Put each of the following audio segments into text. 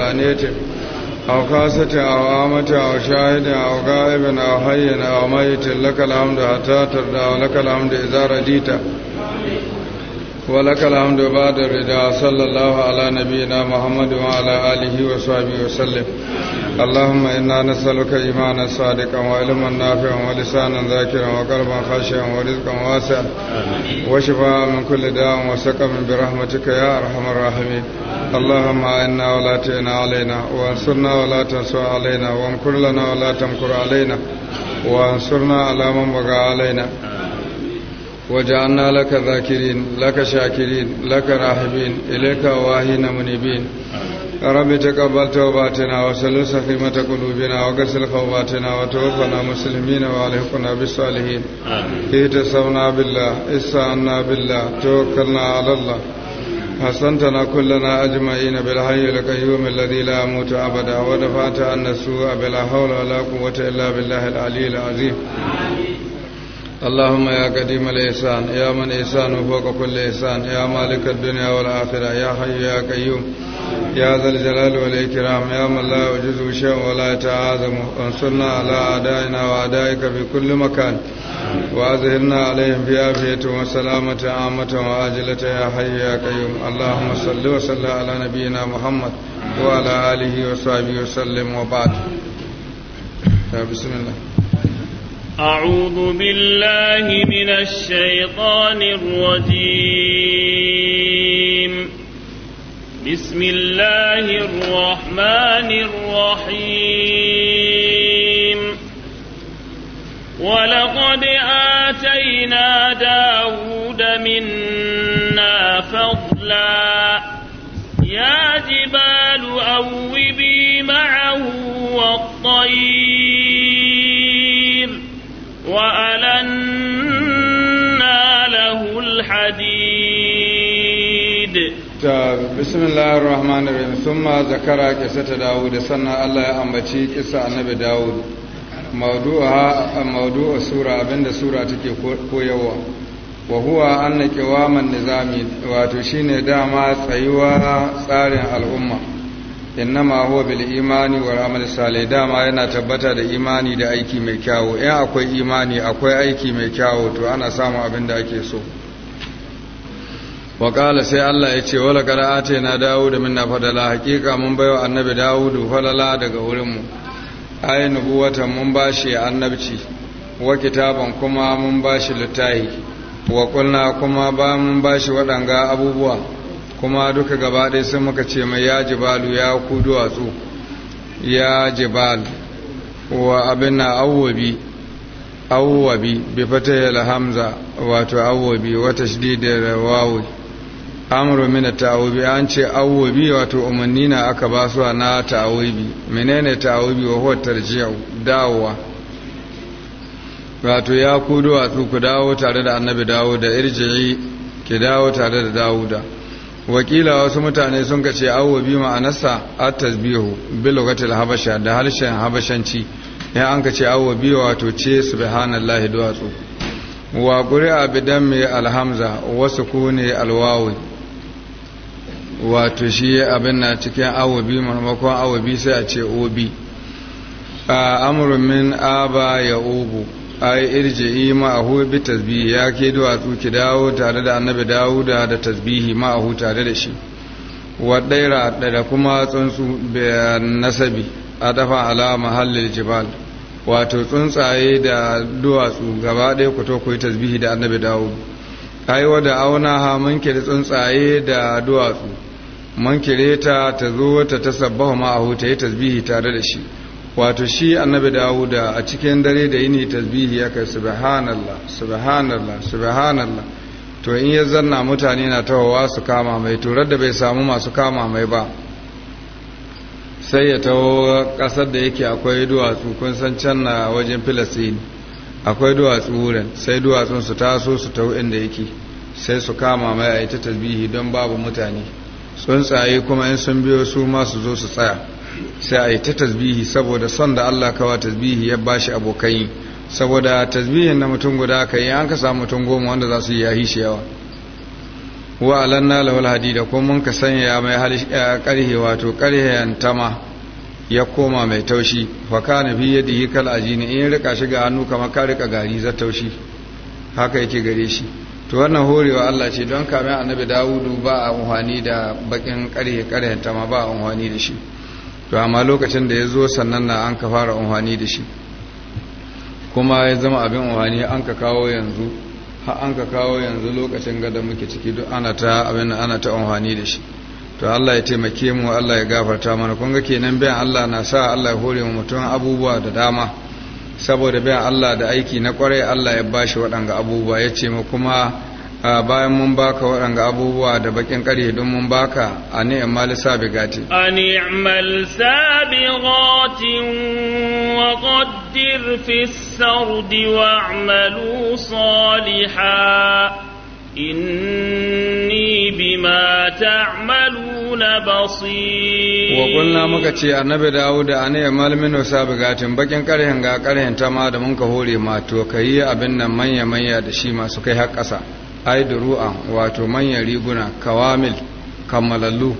على نيته أو خاصة أو آمة أو شاهد أو غائب أو حي أو ميت لك الحمد حتى ترضى ولك الحمد إذا رجيت ولك الحمد بعد الرضا صلى الله على نبينا محمد وعلى آله وصحبه وسلم اللهم إنا نسألك إيمانا صادقا وعلما نافعا ولسانا ذاكرا وقلبا خاشعا ورزقا واسعا وشفاء من كل داء وسقم برحمتك يا أرحم الراحمين اللهم إنا ولا تعنا علينا وانصرنا ولا تنصر علينا وامكر لنا ولا تمكر علينا وانصرنا على من بغى علينا وجعلنا لك ذاكرين لك شاكرين لك راحبين إليك واهين منيبين رب تقبل توباتنا وسلل سخيمة قلوبنا وقسل خوباتنا وتوفنا مسلمين وعليقنا بالصالحين اهتسونا بالله استعنا بالله توكلنا على الله حسنتنا كلنا أجمعين بالحي القيوم الذي لا موت أبدا ودفعت عنا السوء بلا حول ولا قوة إلا بالله العلي العظيم اللهم يا قديم الإحسان يا من إحسان فوق كل إحسان يا مالك الدنيا والآخرة يا حي يا قيوم يا ذا الجلال والإكرام يا من لا يوجد شيء ولا يتعاظم انصرنا على أعدائنا وأعدائك في كل مكان وأظهرنا عليهم في عافية وسلامة عامة وآجلة يا حي يا قيوم اللهم صل وسلم على نبينا محمد وعلى آله وصحبه وسلم وبعد بسم الله أعوذ بالله من الشيطان الرجيم بسم الله الرحمن الرحيم ولقد آتينا داود منا فضلا يا جبال أوبي معه والطير bismillahir rahmanir rahim thumma zakara qissata daud sannan Allah ya ambaci kissa annabi daud mawdu'a mawdu'a sura abinda sura take koyawa wa huwa anna qiwaman nizami wato shine dama tsayuwa tsarin al'umma innama huwa bil imani wal amali salih dama yana tabbata da imani da aiki mai kyawu in akwai imani akwai aiki mai kyawu to ana samun abin da ake so waƙala sai Allah ya ce wala kada ate na dawo da minna fadala hakika mun baiwa annabi dawudu falala daga wurinmu ayi nubuwatan mun bashi annabci wa kitaban kuma mun bashi littahi wa kulna kuma ba mun shi waɗanga abubuwa kuma duka gaba ɗaya sai muka ce mai ya jibalu ya ku duwatsu ya jibal wa abin na awwabi awwabi bi fata hamza wato awwabi wa da wawi amru min ta'awubi an ce awubi wato umanni na aka ba su na ta'awubi menene ta'awubi wa huwa tarji'u dawowa wato ya ku duwatsu ku dawo tare da annabi dawo da irji'i ki dawo tare da dawuda wakila wasu mutane sun kace ce awubi ma'anarsa at tasbihu bi al habasha da harshen habashanci ya an kace ce awubi wato ce subhanallahi duwatsu wa qur'a bidan mai alhamza wasu kune alwawi wato shi abin na cikin awobi maimakon awobi sai a ce obi a amurin min aba ya obu ai irji'i ma'ahu bi tasbihi ya ke duwatsu ki dawo tare da annabi dawuda da tasbihi ma'ahu tare da shi Waɗaira da kuma tsuntsu da nasabi a dafa alama mahallin jibal wato tsuntsaye da duwatsu gaba ɗaya ku to ku yi tasbihi da annabi dawuda ai da auna ha mun ke da tsuntsaye da duwatsu man kire ta ta zo ta tasabbahu ma'ahu ta yi tasbihi tare da shi wato shi annabi dawuda a cikin dare da yini tasbihi ya kai subhanallah subhanallah subhanallah to in ya zanna mutane na tahowa su kama mai turar da bai samu masu kama mai ba sai ya taho kasar da yake akwai duwatsu kun san can na wajen filistin akwai duwatsu wurin sai duwatsun su taso su taho inda yake sai su kama mai a ita tasbihi don babu mutane tsuntsaye kuma in sun biyo su ma su zo su tsaya sai a yi ta tasbihi saboda son da Allah kawa tasbihi ya ba bashi abokai saboda tasbihin na mutum guda aka yi an ka samu mutum goma wanda za su yi ya shi yawa wa alanna lahul hadida ko mun ka sanya mai eh, karhe wato karhe tama ya koma mai taushi fa kana bi yadihi kal ajini in rika shiga hannu kamar ka rika gari za taushi haka yake gare shi to wannan horewa Allah ce don kamin annabi dawudu ba a unhani da bakin karye karhen ta ma ba a unhani da shi to amma lokacin da ya zo sannan na an ka fara unhani da shi kuma ya zama abin unhani an ka kawo yanzu har an ka kawo yanzu lokacin gada muke ciki duk ana ta abin ana ta unhani da shi to Allah ya taimake mu Allah ya gafarta mana kun ga kenan bayan Allah na sa Allah ya hore mu mutum abubuwa da dama saboda bayan Allah da aiki na kwarai Allah ya bashi waɗanga abubuwa ya ce mu kuma bayan mun baka waɗanga abubuwa da bakin ƙarye don mun baka a ni'mal sabigati a ni'mal sabigatin wa qaddir fi sardi wa'malu salihah inni bima ta'maluna basir wa qulna muka ce annabi dawo da ya malmin sabigatin bakin karhen ga karhen ta ma da mun ka hore ma to kai abin nan manya manya da shi masu kai har ƙasa ai duru'a wato manyan riguna kawamil kammalallu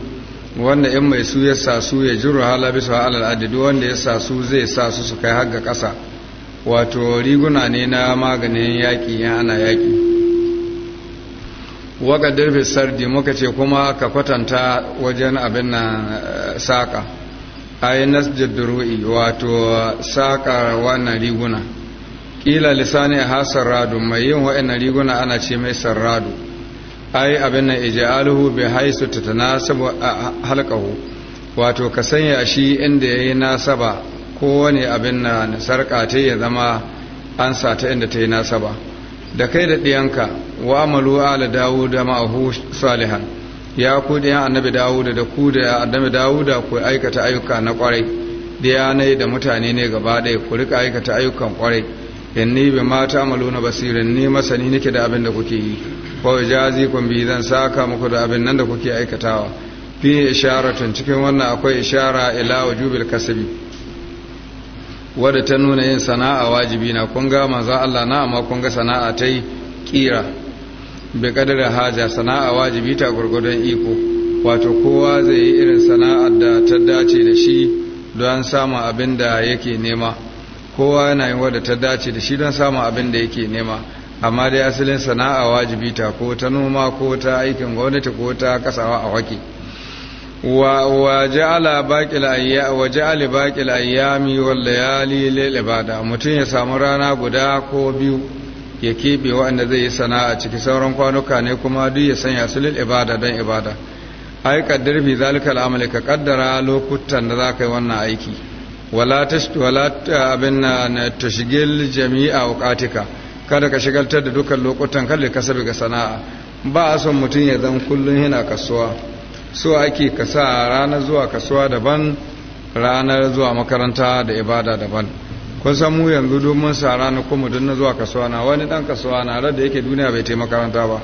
wanda in mai su ya sa su ya jiru hala bisu alal wanda ya sa su zai sa su su kai har ga ƙasa wato riguna ne na maganin yaƙi in ana yaƙi waka dirfi sardi muka ce kuma ka kwatanta wajen abin na eh, saƙa ayi nasjid wato saka wannan riguna ƙila lisani ha sarradu mai yin wa'annan riguna ana ce mai sarradu ai abin na nan ija'aluhu bi haisu a halkahu, wato ka sanya shi inda ya yayi nasaba kowane abin na sarƙa ya zama an sata inda ta yi nasaba da kai da ɗiyanka wa malu ala dawuda ma'ahu salihan ya ku ɗiyan annabi dawuda da ku da annabi dawuda ku aikata ayyuka na kwarai ɗiya ne da mutane ne gaba ɗaya ku rika aikata ayyukan kwarai inni bi mata amalu na basirin ni masani nake da abin da kuke yi jazi kun bi zan saka muku da abin nan da kuke aikatawa fi isharatun cikin wannan akwai ishara ila wujubil kasbi wadda ta nuna yin sana'a wajibi na kun ga manzo Allah na amma kunga sana'a ta yi kira bi kadar haja sana'a wajibi ta gurgudun iko wato kowa zai yi irin sana'ar da ta dace da shi don samun abin da yake nema kowa yana yin wadda ta dace da shi don samun abin da yake nema amma dai asalin sana'a wajibi ta ko ta noma ko ta aikin gwamnati ko ta kasawa a wake wa ja'ala baqil ayyami ibada mutum ya samu rana guda ko biyu ya kebe wanda zai yi sana'a ciki sauran kwanuka ne kuma duk ya sanya su lil ibada don ibada ai kaddar bi zalika al'amali ka kaddara lokutan da zaka yi wannan aiki wala tashti wala abin na tashgil jami'a waqatika kada ka shigaltar da dukkan lokutan kalli kasabi ga sana'a ba a son mutum ya zan kullun yana kasuwa so ake ka sa ranar zuwa kasuwa daban ranar zuwa makaranta da ibada daban kun san mu yanzu domin sa ranar kuma don na zuwa kasuwa na wani dan kasuwa na rar da yake duniya bai taimaka makaranta ba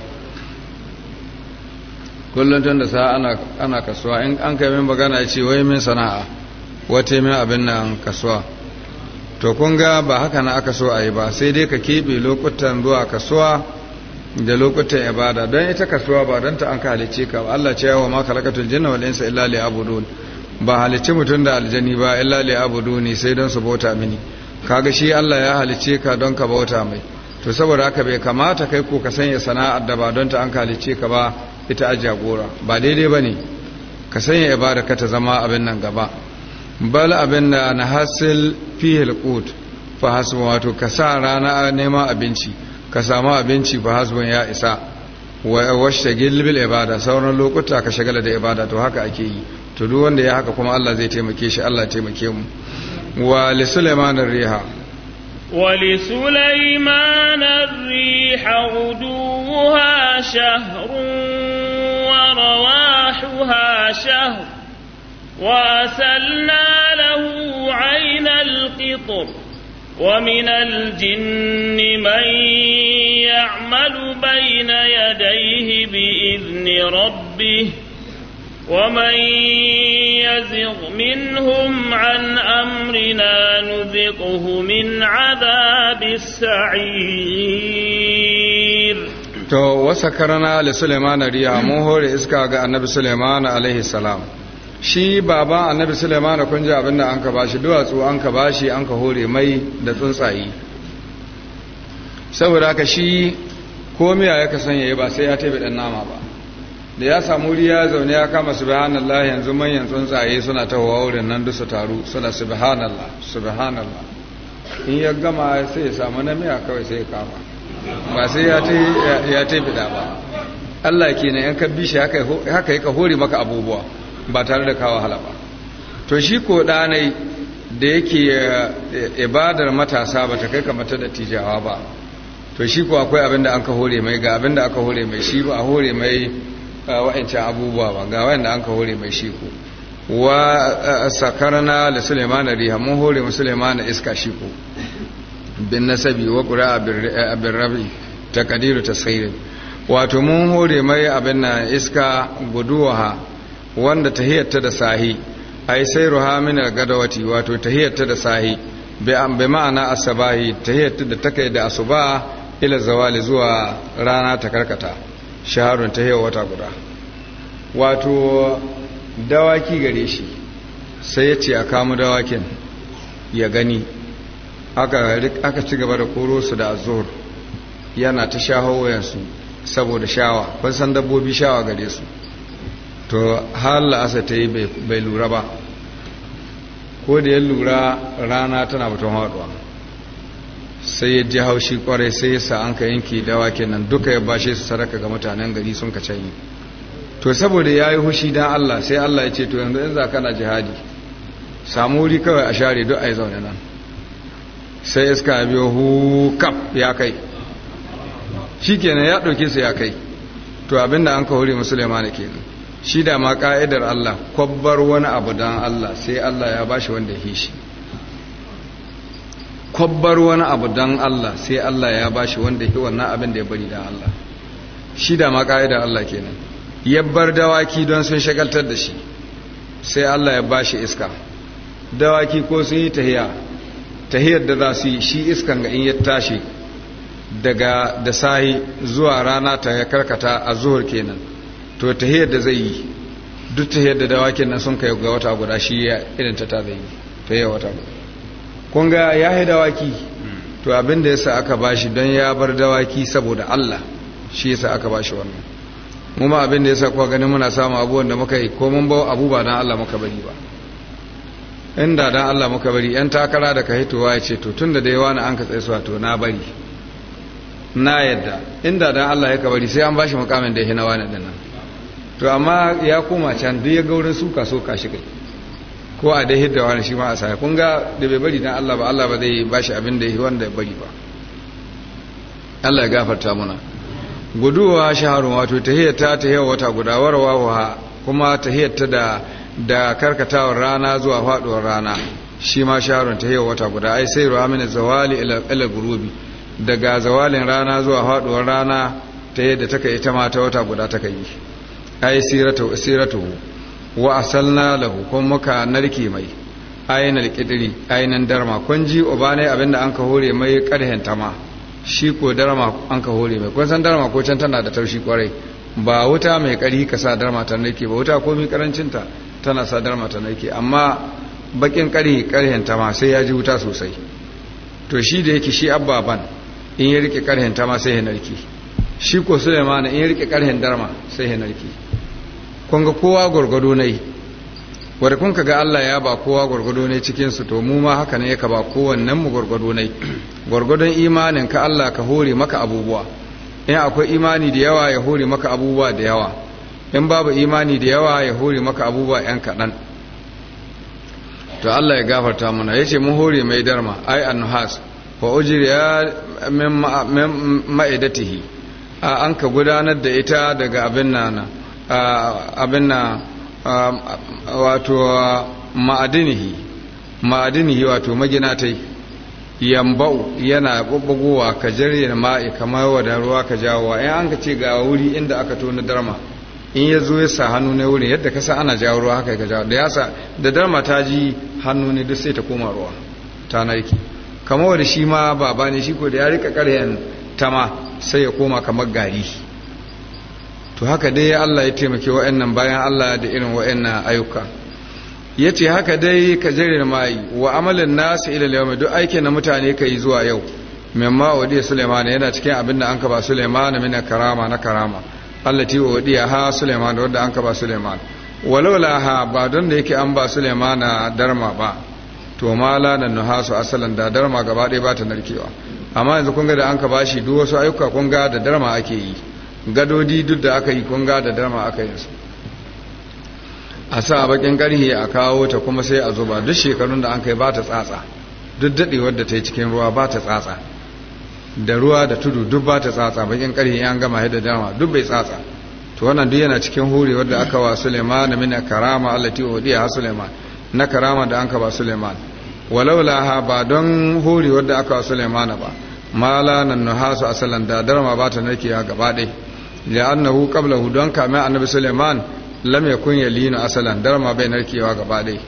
kullum tun da sa ana kasuwa in an kai min magana ya ce wai min sana'a wata min abin nan kasuwa to kun ga ba haka na aka so a yi ba sai dai ka keɓe lokutan zuwa kasuwa da lokutan ibada don ita kasuwa ba don ta an ka halice ka ba Allah ce yawa ma kalakatul jinna wal insa illa li abudun ba halice mutun da aljani ba illa li abuduni sai don su bauta mini kaga shi Allah ya halice ka don ka bauta mai to saboda haka bai kamata kai ko ka sanya sana'ar da ba don ta an ka halice ka ba ita a jagora ba daidai bane ka sanya ibada ka ta zama abin nan gaba bal abin da na hasil fi hilqut fa hasbu wato ka sa rana neman abinci ka samu abinci ba hasbun ya isa washe gilbil ibada sauran lokuta ka shagala da ibada to haka ake yi to duk wanda ya haka kuma Allah zai taimake shi Allah taimake mu wa li sulaiman riha wa li sulaiman riha uduha shahrun wa rawahuha shahr wa asalna lahu 'ayna al-qitr ومن الجن من يعمل بين يديه بإذن ربه ومن يزغ منهم عن أمرنا نذقه من عذاب السعير تو وسكرنا لسليمان ريا موهر إسكاغ النبي سليمان عليه السلام shi baba annabi suleiman kun ji abin da an ka bashi duwatsu an ka bashi an ka hore mai da tsuntsaye saboda ka shi komiya ya ka sanya ba sai ya taibi dan nama ba da ya samu riya zaune ya kama subhanallah yanzu manyan tsuntsaye suna ta wawurin nan dusu taru suna subhanallah subhanallah in ya gama sai ya samu namiya kawai sai ya kama ba sai ya taibi da ba Allah kenan yan ka bishi haka haka ka hore maka abubuwa ba tare da kawo wahala ba to shi ko ɗanai da yake eh, eh, ibadar matasa ba ta kai kamata da tijawa ba to shi ko akwai abin da an ka hore mai ga abin da aka hore mai shi ba a hore mai eh, wa'ancan abubuwa ba ga wa'anda an ka hore mai shi ko wa sakarna da suleiman riha mun hore mu suleiman iska shi ko bin nasabi wa qura'a bin rabi taqdiru tasayyid wato mun hore mai abin na iska guduwa wanda tahiyyarta da sahi ai sai ruhamin gadawati wato tahiyyarta da sahi bi ma'ana asabahi tahiyyarta da take da asuba ila zawali zuwa rana ta karkata shaharun tahiyyar wata guda wato dawaki gare shi sai ya ce a kamu dawakin ya gani aka ci gaba da koro su da azur yana ta shaho wayansu saboda shawa kun san dabbobi shawa gare su to har la'asa ta yi bai lura ba ko da ya lura rana tana batun haɗuwa sai ya ji haushi kwarai sai ya sa an ka yanki dawa kenan duka ya bashe su sadaka ga mutanen gari sun ka canyi to saboda ya yi hushi don allah sai allah ya ce to yanzu in za kana jihadi samu wuri kawai a share duk a yi zaune nan sai iska ya biyo kap ya kai shi kenan ya ɗauke su ya kai to abinda an ka hore musulma ne kenan shi da ma ka'idar Allah kwabbar wani abu don Allah sai Allah ya bashi wanda ya shi kwabbar wani abu don Allah sai Allah ya bashi wanda ya wannan abin da ya bari don Allah shi da ma ka'idar Allah kenan yabbar dawaki don sun shagaltar da shi sai Allah ya bashi iska dawaki ko sun yi tahiya tahiyar da za su yi shi iskan ga in ya tashi daga da sahi zuwa rana ta ya karkata a zuhur kenan to tahiyar da zai yi duk tahiyar da dawakin nan sun kai ga wata guda shi ya irin ta ta zai yi tahiyar wata guda kun ga ya yi dawaki to abin da yasa aka bashi don ya bar dawaki saboda Allah shi yasa aka bashi wannan mu ma abin da yasa kuwa ganin muna samu abubuwan da muka yi ko mun ba abu ba dan Allah muka bari ba inda dan Allah muka bari yan takara da ka hitowa ya ce to tun da dai wani an ka tsaye su to na bari na yadda inda dan Allah ya kabari sai an bashi mukamin da ya hinawa na dinnan to amma ya koma can duk ya ga wurin suka so ka shiga ko a dai hidda wani shi ma a sa kun ga da bai bari dan Allah ba Allah ba zai ba shi abin da wanda bari ba Allah ya gafarta muna guduwa shaharun wato tahiyyata tahiyya wata guda warwa kuma tahiyyata da da karkatawar rana zuwa faduwar rana shi ma shaharun tahiyya wata guda ai sai ruwa min zawali ila ila gurubi daga zawalin rana zuwa faduwar rana ta yadda take ita ma ta wata guda take yi ai siratu siratuhu wa asalna lahu kun muka narke mai ayin kidiri ainihin darma kun ji ubane abinda an ka hore mai karhen tama shi ko darma an ka hore mai kun san darma ko can tana da taushi kwarai ba wuta mai kari ka sa darma ta narke ba wuta ko karancin ta tana sa darma ta narke amma bakin kari karhen tama sai ya ji wuta sosai to shi da yake shi abbaban in ya rike karhen tama sai ya narke shi ko Suleiman in ya rike karhen darma sai ya narke kun kowa gwargwado ne wadda kun ga Allah ya ba kowa gwargwado ne cikin to mu ma haka ne ka ba kowannen mu gwargwado ne gwargwadon imanin ka Allah ka hore maka abubuwa in akwai imani da yawa ya hore maka abubuwa da yawa in babu imani da yawa ya hore maka abubuwa yan kaɗan to Allah ya gafarta mana yace ce mun hore mai darma ai annuhas wa ujriya min ma'idatihi an ka gudanar da ita daga abin nana abinna wato ma'adinihi ma'adinihi wato maginatai yambau yana bubbugowa ka jirgin ma'i kamar wada ruwa ka jawowa in an ka ce ga wuri inda aka tona darma in ya zo ya sa hannu ne wurin yadda ka sa ana jawo ruwa haka ka jawo da ya da darma ta ji hannu ne duk sai ta koma ruwa ta narki kamar wani shi ma baba ne shi ko da ya rika karyan tama sai ya koma kamar gari to haka dai Allah ya taimake wa'annan bayan Allah da irin wa'annan ayyuka yace haka dai ka jirin mai wa amalin nasu ila yau duk aikin na mutane kai zuwa yau mimma wadiya Sulaiman yana cikin abin da an ka ba Sulaiman min karama na karama Allah ti wadiya ha Sulaiman wanda an ka ba Sulaiman walawla ha ba don da yake an ba Sulaiman darma ba to mala nan nuhasu asalan da darma gaba ɗaya ba ta narkewa amma yanzu kun ga da an ka bashi duk wasu ayyuka kun ga da darma ake yi gadodi duk da aka yi kunga da dama aka yi su a sa bakin karhi a kawo ta kuma sai a zuba duk shekarun da an kai ba ta tsatsa duk daɗe wadda ta yi cikin ruwa ba ta tsatsa da ruwa da tudu duk ba ta tsatsa bakin karhi an gama yadda dama duk bai tsatsa to wannan duk yana cikin hurewar wadda aka wa Suleiman min karama allati udiya ha Suleiman na karama da ka ba Suleiman walaula ha ba don hurewar wadda aka wa Suleiman ba mala nan nuhasu asalan da darma ba ta narkewa gaba ɗaya li'annahu qablahu don kamar annabi Suleiman lam yakun lino asalan darma bai narkewa gaba dai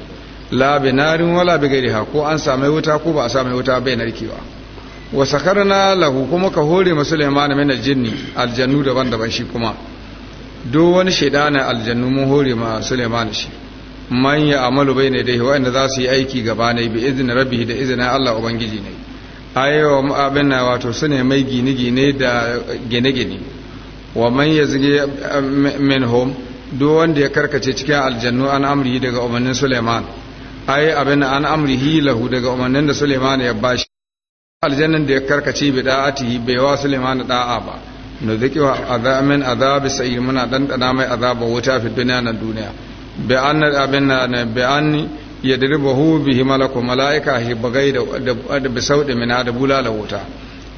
la binarin wala bigairiha ko an same wuta ko ba a same wuta bai narkewa wa sakarna lahu kuma ka hore ma Suleiman min aljannu daban-daban shi kuma duk wani shaidanin aljannu mun hore ma Suleiman shi man ya bai ne dai wa'anda za su yi aiki gaba ne bi izinin rabbi da izinin Allah ubangiji ne ayewa abin na wato su ne mai gine-gine da gine-gine wa man yazge eh, minhum duk wanda ya karkace cikin aljannu an amri daga umarnin Suleiman ai abin an amrihi lahu daga umarnin da Suleiman ya bashi aljannan da ya karkace bi da'atihi bai wa Suleiman da'a ba zaki wa azamin azabi sa'ir muna dan dana mai azaba wuta fi duniya na duniya bi an abin na bi an yadribuhu bihi malaku malaika hi bagai da bi saudi mina da bulala wuta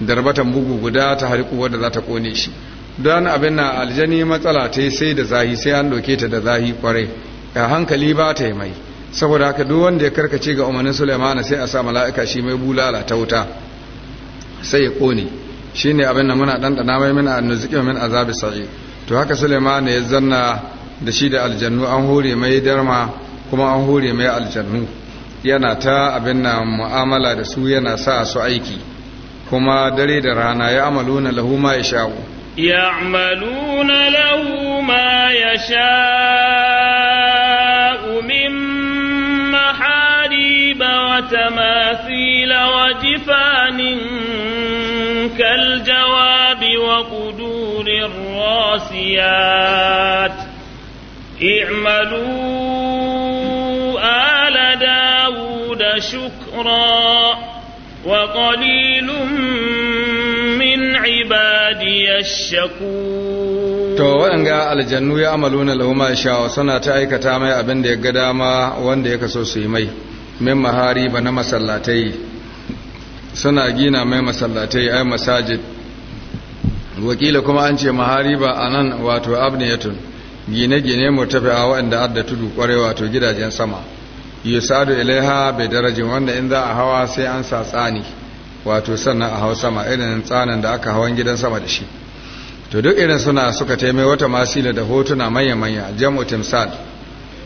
darbatan bugu guda ta harku wadda za ta kone shi don abin na aljani matsala ta sai da zahi sai an doke ta da zahi kwarai a hankali ba ta yi mai saboda haka duk wanda ya karkace ga umarnin sulaimana sai a sa mala'ika shi mai bulala ta wuta sai ya kone shi ne abin da muna ɗanɗana mai mina a nuzikin min azabi sa'i to haka sulaimana ya zanna da shi da aljannu an hore mai darma kuma an hore mai aljannu yana ta abin na mu'amala da su yana sa su aiki kuma dare da rana ya amalu na lahu ya sha'u يعملون له ما يشاء من محاريب وتماثيل وجفان كالجواب وقدور الراسيات اعملوا آل داود شكرا وقليل من to waɗanga aljannu ya amaluna lahuma sha'a suna ta aikata mai abin da ya ga dama wanda ya kaso su yi mai min mahari ba na masallatai suna gina mai masallatai ai masajid wakila kuma an ce mahari ba a wato abniyatun gine-gine a waɗanda adda tudu kwarai wato gidajen sama yusadu ilaiha bai darajin wanda in za a hawa sai an sa tsani wato sannan a hau sama irin tsanan da aka hawan gidan sama da shi to duk irin suna suka taimai wata masila da hotuna manya-manya jam'u timsal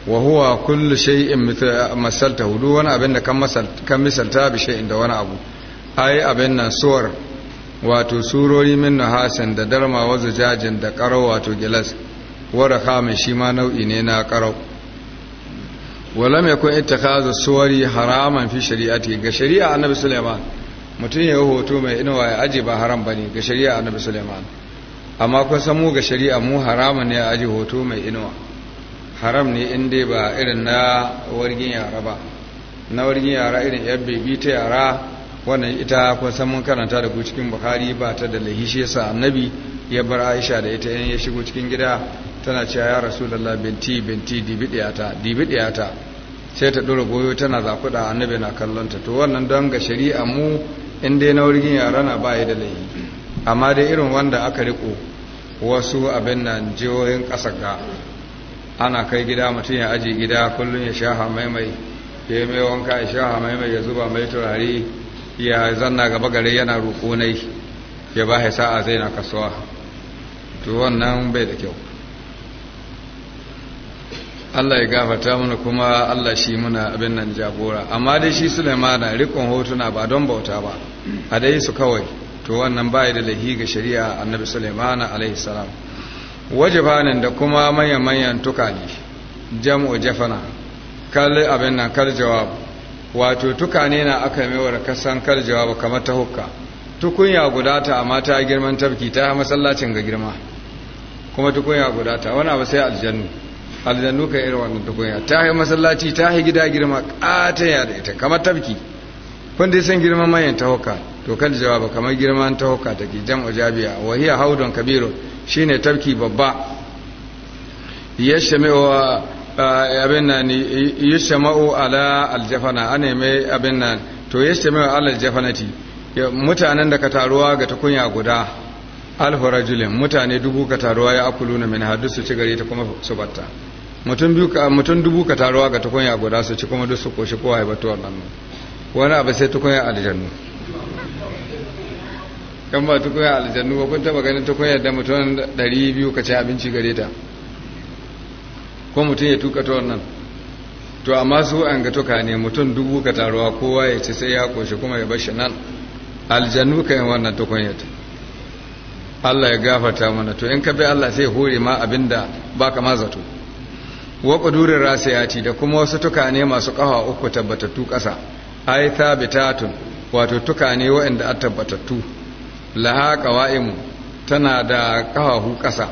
wa huwa kullu shay'in masalta hudu wani abin da kan kan misalta bi shay'in da wani abu ai abin nan suwar wato surori min nahasin da darma wa zujajin da qaraw wato gilas wa rakamin shi ma nau'i ne na qaraw wa lam yakun ittakhazu suwari haraman fi shari'ati ga shari'a annabi sulaiman mutum ya yi hoto mai inuwa ya aji ba haram ba ne ga shari'a annabi suleiman amma kun san mu ga shari'a mu haramu ne a aji hoto mai inuwa haram ne in dai ba irin na wargin yara ba na wargin yara irin yar bebi ta yara wannan ita kun san mun karanta da ku cikin bukari ba ta da lahishe yasa annabi ya bar aisha da ita in ya shigo cikin gida tana cewa ya rasulullah binti binti dibidiyata dibidiyata sai ta dora goyo tana zakuda annabi na kallon ta to wannan don ga shari'a mu in dai na wurgin na ba ya da laifi amma dai irin wanda aka riko wasu abin nan jihohin ƙasar ga ana kai gida mutum ya aji gida kullum ya sha maimai ya yi mai wanka ya sha maimai ya zuba mai turare ya zanna gaba gare yana rukunai ya ba ya sa'a zai na kasuwa to wannan bai da kyau Allah ya gafata mana kuma Allah shi muna abin nan jagora amma dai shi Sulaimana rikon hotuna ba don bauta ba a dai su kawai to wannan bai da lahi ga shari'a Annabi Sulaimana alaihi salam wajibanin da kuma manyan manyan tukani jam'u jafana kal abin nan kal jawab wato tukane na aka mewar kasan kal jawab kamar ta hukka tukunya guda ta amma ta girman tabki ta masallacin ga girma kuma tukunya guda ta wani abu sai aljannu aljannu ka irin wannan tukunya ta yi masallaci ta yi gida girma yi da ita kamar tafki kun dai san girman mayan hauka to kan jawaba kamar girman ta take jan jabiya wahiya hiya haudun kabiru shine tafki babba wa eh, abin nan yashma'u ala aljafana a neme abin nan to wa ala aljafanati mutanen da ka taruwa ga tukunya guda alhurajulin mutane dubu ka taruwa ya akulu na min hadisu ci gare ta kuma su batta mutum dubu ka taruwa ga tukunya guda su ci kuma duk su koshi kowa ya batuwar nan wani abu sai tukunya aljannu kan ba tukunya aljannu ba kun taba ganin tukunya da mutum ɗari biyu ka ci abinci gare ta ko mutum ya tuka tuwar nan to amma su an ga tuka ne mutum dubu ka taruwa kowa ya ci sai ya koshi kuma ya bashi nan aljannu ka yin wannan tukunya ta Allah ya gafarta mana to in ka bi Allah sai hore ma abinda baka ma zato wa ƙudurin rasiyati da kuma wasu tukane masu ƙafa uku tabbatattu ƙasa ai thabitatun wato tukane waɗanda a tabbatattu laha qawa'imu tana da ƙafafu ƙasa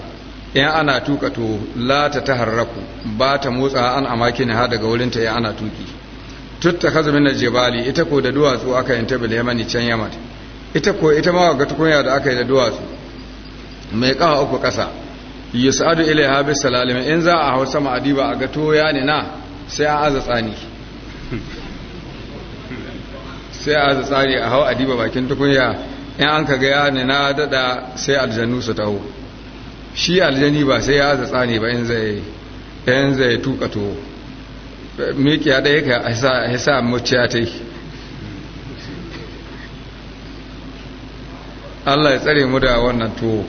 in ana tuka to la ta taharraku ba ta motsa an amakin ha daga wurinta ta ana tuki tutta kazumin jibali ita ko da duwatsu aka yanta bil yamani can yamat ita ko ita ma ga tukunya da aka yi da duwatsu mai ƙafa uku ƙasa yas'adu ilaiha bi salalim in za a hausa ma adiba a ga toya ne na sai a aza tsani sai a aza tsani a hau adiba bakin tukunya in an ka ga ya ne na dada sai aljanu su taho shi aljani ba sai ya aza tsani ba in zai in zai tuka to ya ɗaya ka hisa muciya ta yi Allah ya tsare mu da wannan tuwo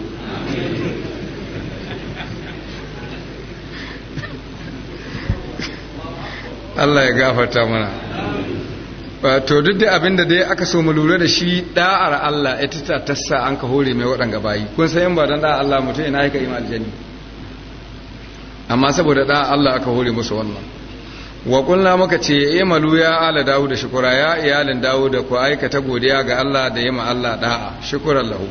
Allah ya gafarta mana to duk da abin da dai aka so mu lura da shi da'ar Allah ita ta tassa an ka hore mai waɗanga bayi kun san yan ba dan da'ar Allah mutum ina yake ima aljanni amma saboda da'ar Allah aka hore musu wannan wa kullu muka ce imalu ya ala dawo da shukura ya iyalin dawo da ku aikata godiya ga Allah da yima Allah da'a shukuran lahu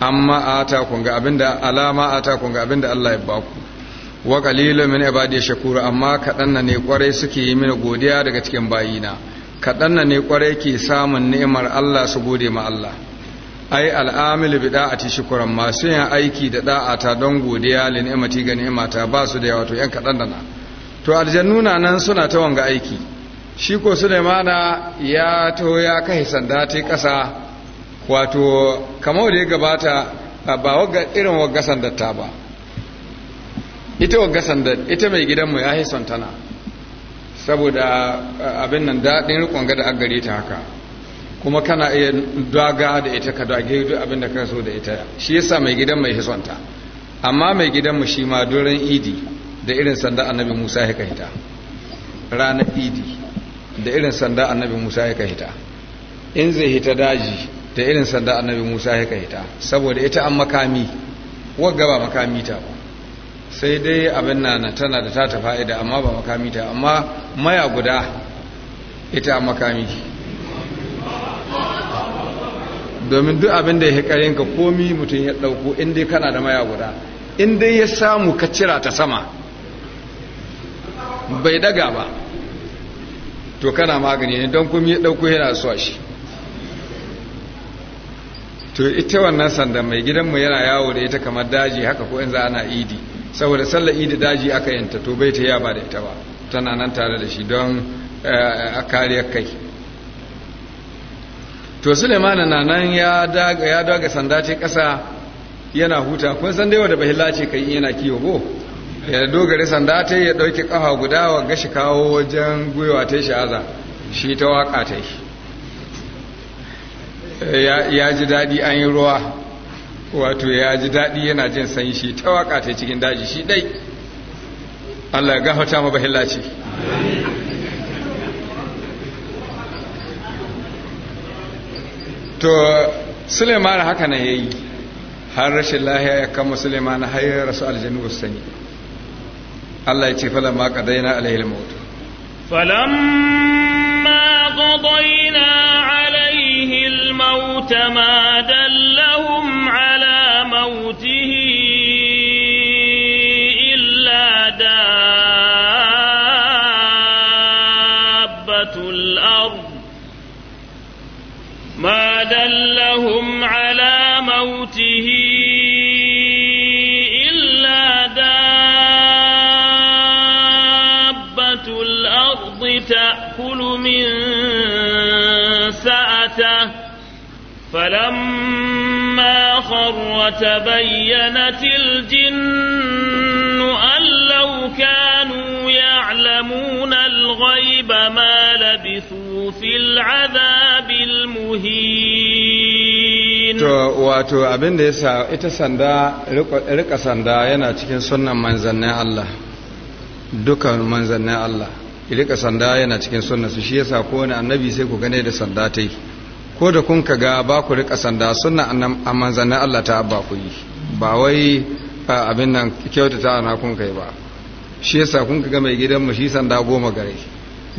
amma ata kun ga abinda alama ata kun ga abinda Allah ya baku wa qalilu min ibadi shakuru amma kaɗan ne kwarai suke yi mini godiya daga cikin bayina kaɗan ne kwarai ke samun ni'imar Allah su gode ma Allah ai al'amil bi da'ati shukran masu yin aiki da da'ata don godiya li ni'imati ga ni'imata ba su da yawa to yan kaɗan na to aljannu nan suna ta wanga aiki shi ko Sulaimana ya to ya kai sanda ta ƙasa wato kamar da ya gabata ba irin wagga sandar ba ita wagga sandar ita mai gidanmu ya yi tana saboda abin nan daɗin rikon gada a gare ta haka kuma kana iya daga da ita ka dage duk abin da ka so da ita shi yasa mai gidan mai ta amma mai gidanmu shi ma duran idi da irin sanda annabi musa ya kahita ranar idi da irin sanda annabi musa ya kahita in zai hita daji da irin sanda annabi musa ya kahita saboda ita an makami wagga ba makami ta ba sai dai abin nan tana da ta tafa ida amma ba makami ta amma maya guda ita makami domin duk abin da ya karin ka komi mutum ya ɗauko inda kana da maya guda inda ya samu ka cira ta sama bai daga ba to kana magani ne don komi ya ɗauko yana suwa shi to ita wannan sanda mai gidanmu yana yawo da ita kamar daji haka ko in za ana idi saboda sallar idi daji aka yanta to bai ta yaba da ita ba tana nan tare da shi don eh, a kariyar kai to suleiman na nan ya daga sanda ce kasa yana huta kun san dai wanda bahilla ce kai yana kiwo go ya dogare sanda ta ya ɗauki kafa guda wa gashi kawo wajen gwiwa ta shi aza shi ta waka ta yi eh, ya ji daɗi an yi ruwa wato ya ji daɗi yana jin sanyi shi ta waka ta cikin daji shi ɗai Allah ya gafarta ma bahilla ce to Suleiman haka na yayi har rashin lahiya ya kama Suleiman har ya rasu aljanu sani Allah ya ce falamma qadaina alaihi al-maut falamma قضينا عليه الموت ما دلهم على موته إلا دابة الأرض ما دلهم على موته إلا فلما خر تبينت الجن أن لو كانوا يعلمون الغيب ما لبثوا في العذاب المهين to wato abin da yasa ita sanda rika sanda yana cikin sunnan manzannin Allah dukan manzannin Allah rika sanda yana cikin sunnan su shi yasa kowane annabi sai ku gane da sanda ta yi ko da kun ka ga ba ku rika sanda suna a manzannin Allah ta ba ku yi ba wai abin nan kyautata ana kun kai ba shi yasa kun ga mai gidan mu shi sanda goma gare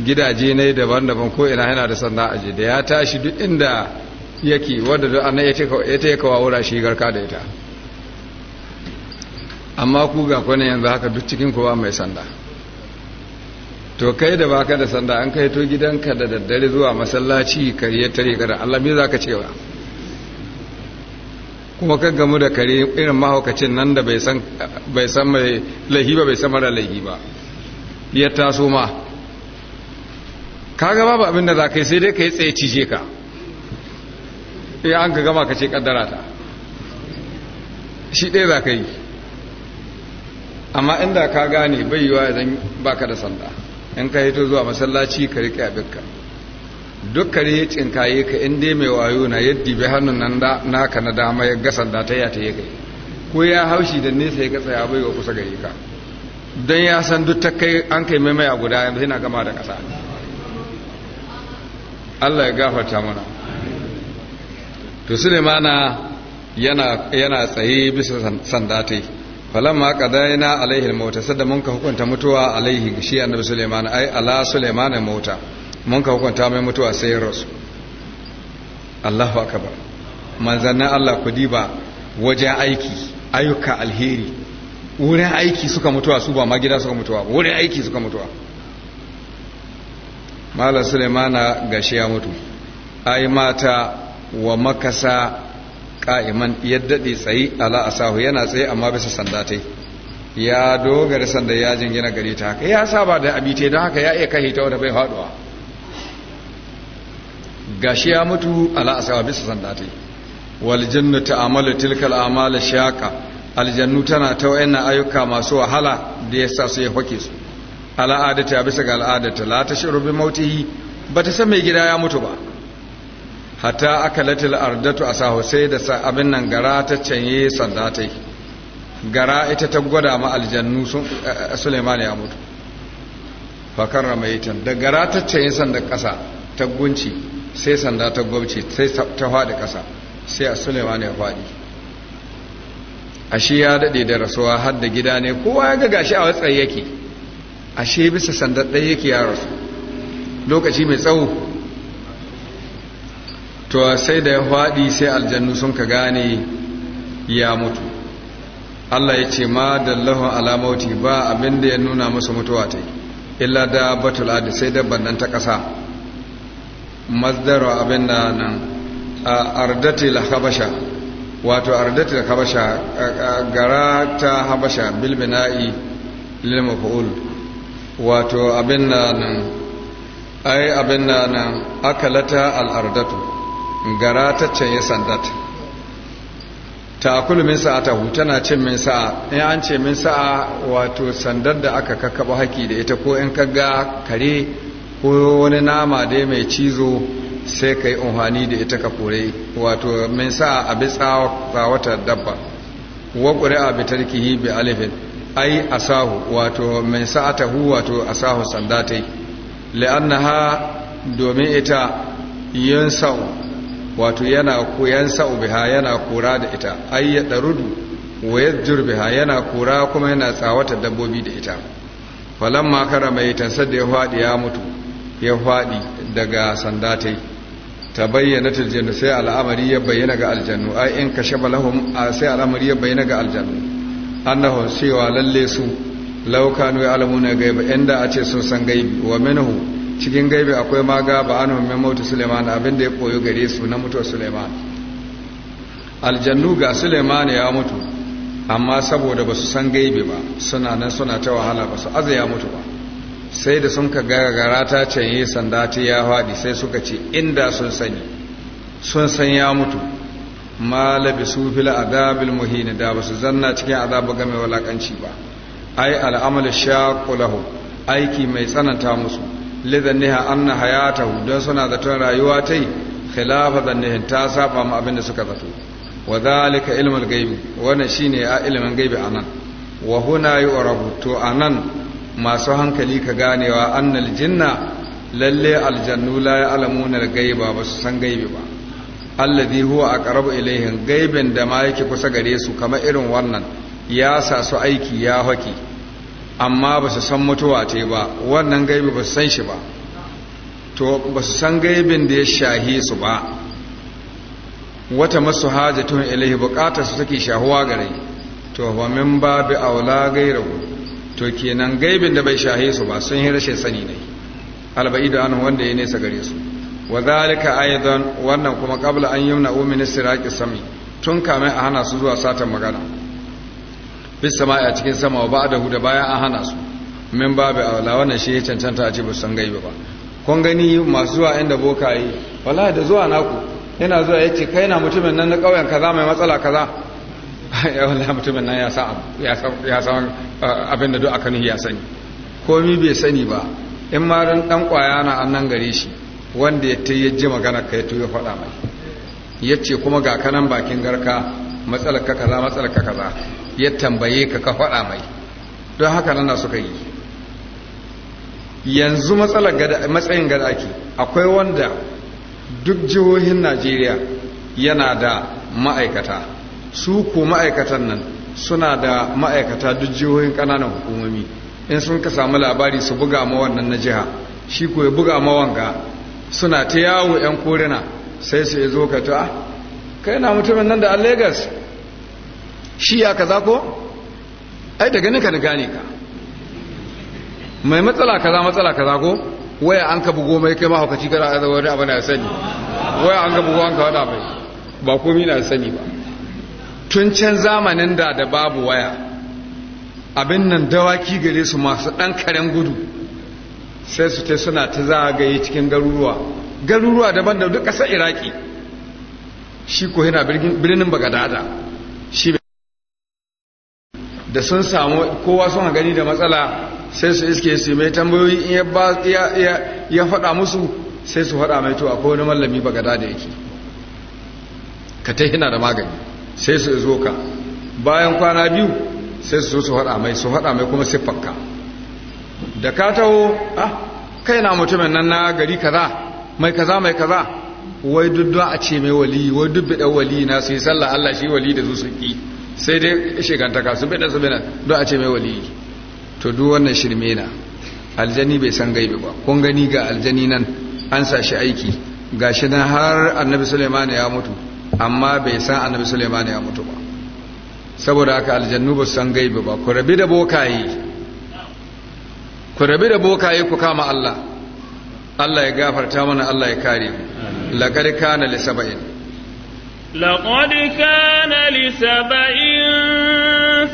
gidaje ne daban-daban ko ina yana da sanda aje da ya tashi duk inda yake wanda duk annan ya ta yaka wura shi garka da ita amma ku ga kone yanzu haka duk cikin kowa mai sanda to kai da baka da sanda an kai to gidanka da daddare zuwa masallaci kare tare ka da Allah me zaka cewa kuma ka gamu da kare irin mahaukacin nan da bai san bai san mai lahiba ba bai san mara lahiba ba ya taso ma kaga babu abin da zaka yi sai dai kai tsaye cije ka eh an ka gama ka ce kaddara ta shi ɗaya zaka yi amma inda ka gane bai yiwa idan baka da sanda in ka hito zuwa masallaci ka riƙe abinka duk kare ya cinkaye ka in dai mai wayo na yadda bai hannun nan naka na dama ya gasa da ta yata ya kai ko ya haushi da nesa ya gatsa ya baiwa kusa gari ka don ya san duk ta kai an kai mai a guda yanzu yana gama da ƙasa Allah ya gafarta mana to Sulemana yana tsaye bisa sandatai falamma qadayna alaihi al-mauta sadda mun ka hukunta mutuwa alaihi shi annabi Sulaiman ai ala Sulaiman mauta mun ka hukunta mai mutuwa sai rasu Allahu akbar manzannin Allah ku diba wajen aiki ayyuka alheri wurin aiki suka mutuwa su ba ma gida suka mutuwa wurin aiki suka mutuwa malam Sulaiman gashi ya mutu ai mata wa makasa ka'iman ya daɗe tsayi ala asahu yana tsaye amma bisa sanda ta ya dogara sanda ya jingina gare ta haka ya saba da abite don haka ya iya kai ta wata bai Ga gashi ya mutu ala asahu bisa sanda ta wal jinnu ta'amalu tilkal amala shaqa aljannu tana ta wayanna ayyuka masu wahala da ya sa su ya fake su ala adata bisa ga al'adata la tashuru bi mautihi bata san mai gida ya mutu ba hatta aka latil ardatu a sahu sai da abin nan gara ta canye sanda ta yi gara ita ta gwada ma aljannu eh, suleiman ya mutu fakar ramaitan da gara ta canye sanda ƙasa ta gunci sai sanda ta gwabce sai ta faɗi ƙasa sai a suleiman ya faɗi ashe ya daɗe da rasuwa har da gida ne kowa ya ga gashi a watsayi yake ashe bisa sanda ɗaya yake ya rasu lokaci mai tsawo to sai da ya faɗi sai aljannu sun ka gane ya mutu Allah ya ce ma dallahu ala mauti ba abin da ya nuna musu mutuwa ta illa da batul adi sai da nan ta ƙasa masdaro abin da nan a ardati la habasha wato ardati la habasha gara ta habasha bil bina'i lil maf'ul wato abin da nan ai abin da nan akalata al ardatu gara ta canye sandat ta min sa'a ta tana cin min sa'a in an ce min sa'a wato sandar da aka kakkaba haki da ita ko in ka ga kare ko wani nama dai mai cizo sai ka yi unhani da ita ka kore wato min sa'a a bi tsawata dabba wa a bi tarkihi bi alifin ai asahu wato min hu wato asahu sandatai la'annaha domin ita yin sau. wato yana koyan biha yana kora da ita ai ya darudu wa biha yana kora kuma yana tsawata dabbobi da ita falamma makara mai tansar da ya faɗi ya mutu ya faɗi daga sandatai ta bayyana tiljannu sai al'amari ya bayyana ga aljannu ai in kashe sai al'amari ya bayyana ga aljannu annahu cewa lalle su laukanu ya alamuna gaiba inda a ce sun san gaibi wa minhu cikin gaibe akwai maga ba an min mautu suleiman abinda ya koyo gare su na mutuwar suleiman aljannu ga suleiman ya mutu amma saboda ba su san gaibe ba suna nan suna ta wahala ba su aza ya mutu ba sai da sun ka gara ta canye sanda ta ya haɗi sai suka ce inda sun sani sun san ya mutu ma labisu fil adabil muhin da basu zanna cikin azabu game walakanci ba ai al'amal sha aiki mai tsananta musu lidanniha anna hayatahu don suna zaton rayuwa tai khilafa zannihin ta saba ma abin da suka zato wa zalika ilmul gaibi wannan shine a ilmin gaibi anan wa huna yu'rabu to anan masu hankali ka ganewa annal jinna lalle aljannu la ya'lamuna al-gaiba ba su san gaibi ba alladhi huwa aqrabu ilayhim gaibin da ma yake kusa gare su kamar irin wannan ya sa su aiki ya hake amma ba su san mutuwa ce ba wannan gaibi ba su san shi ba to ba su san gaibin da ya shahi su ba wata masu tun ilahi bukatar su suke shahuwa gare to ba min ba bi aula gairahu to kenan gaibin da bai shahi su ba sun yi rashin sani ne alba'idu an wanda ya nesa gare su wa zalika aidan wannan kuma qabla an yumna umin siraqi sami tun kamin a hana su zuwa satan magana bis sama'i a cikin sama ba da huda bayan an hana su min babu aula wannan shi ya cancanta a ce ba san gaibe ba kun gani masu zuwa inda boka yi wala da zuwa naku yana zuwa ya ce kai na mutumin nan na ƙauyen kaza mai matsala kaza ya wallahi mutumin nan ya san abin da duk aka nuhi ya sani komi bai sani ba in ma ran dan kwaya na annan gare shi wanda ya ta yaji magana to ya faɗa mai yace kuma ga kanan bakin garka matsalar ka kaza matsalar ka kaza ya tambaye ka ka faɗa mai don haka nan suka yi yanzu matsayin gada ake akwai wanda duk jihohin najeriya yana da ma'aikata su ko ma'aikatan nan suna da ma'aikata duk jihohin ƙananan hukumomi in sun ka samu labari su buga ma wannan na jiha shi ko ya buga ma wanga suna ta yawo 'yan korina sai su ya zo ka ta ah, kai na mutumin nan da a lagos shi ya kaza ko ai daga nika da gane ka mai matsala kaza matsala kaza ko waya an ka bugo mai kai mahaukaci kada a zaune abu na sani waya an ka bugo an ka wada mai ba komi na sani ba tun can zamanin da da babu waya abin nan dawaki gare su masu ɗan karen gudu sai su ce suna ta zagaye cikin garuruwa garuruwa daban da duk ƙasar iraki shi ko yana birnin bagadada da sun samu kowa sun gani da matsala sai su iske su mai tambayoyi in ya faɗa musu sai su faɗa mai to akwai wani mallami ba gada da yake ka ta hina da magani sai su zo ka bayan kwana biyu sai su su faɗa mai su faɗa mai kuma siffarka da ka taho ah kai na mutumin nan na gari kaza mai kaza mai kaza wai duk a ce mai wali wai duk bidan wali na sai sallah Allah shi wali da su ki sai dai shekantaka su bina su bina don a ce mai wali to duk wannan shirme na aljani bai san gaibi ba kun gani ga aljani nan an sa shi aiki ga shi nan har annabi suleiman ya mutu amma bai san annabi suleiman ya mutu ba saboda haka aljannu ba san gaibi ba ku rabi da bokaye ku rabi da bokaye ku kama Allah Allah ya gafarta mana Allah ya kare mu laqad kana li sab'in لقد كان لسبع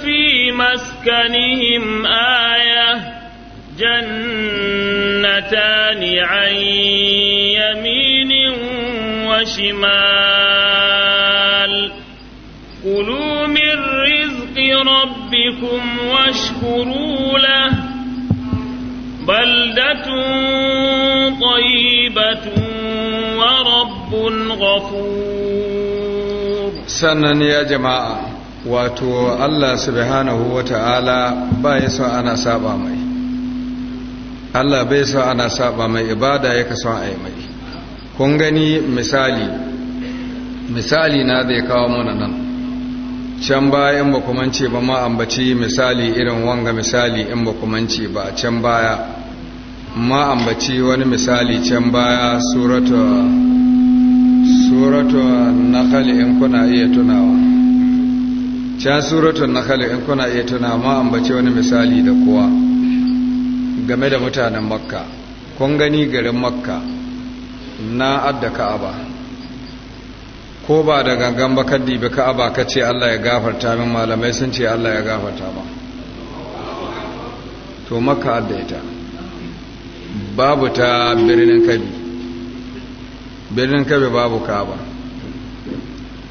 في مسكنهم آية جنتان عن يمين وشمال كلوا من رزق ربكم واشكروا له بلدة طيبة ورب غفور sannan ya jama'a wato Allah subhanahu wa ta'ala ba ya son ana saba mai Allah bai son ana saba mai ibada ya kaso a yi mai kun gani misali misali na zai kawo mana nan can baya in ba ce ba ma ambaci misali irin wanga misali in ba ce ba can baya ma ambaci wani misali can baya suratu suratu nakhal in kuna iya tunawa can suratu nakhal in kuna iya tunawa ma ambace wani misali da kowa game da mutanen makka kun gani garin makka na adda ka'aba ko ba da gangan ba kaddi bi ka'aba ka ce Allah ya gafarta min malamai sun ce Allah ya gafarta ba to makka adda ita babu ta birnin kabi birnin kabe babu ka'aba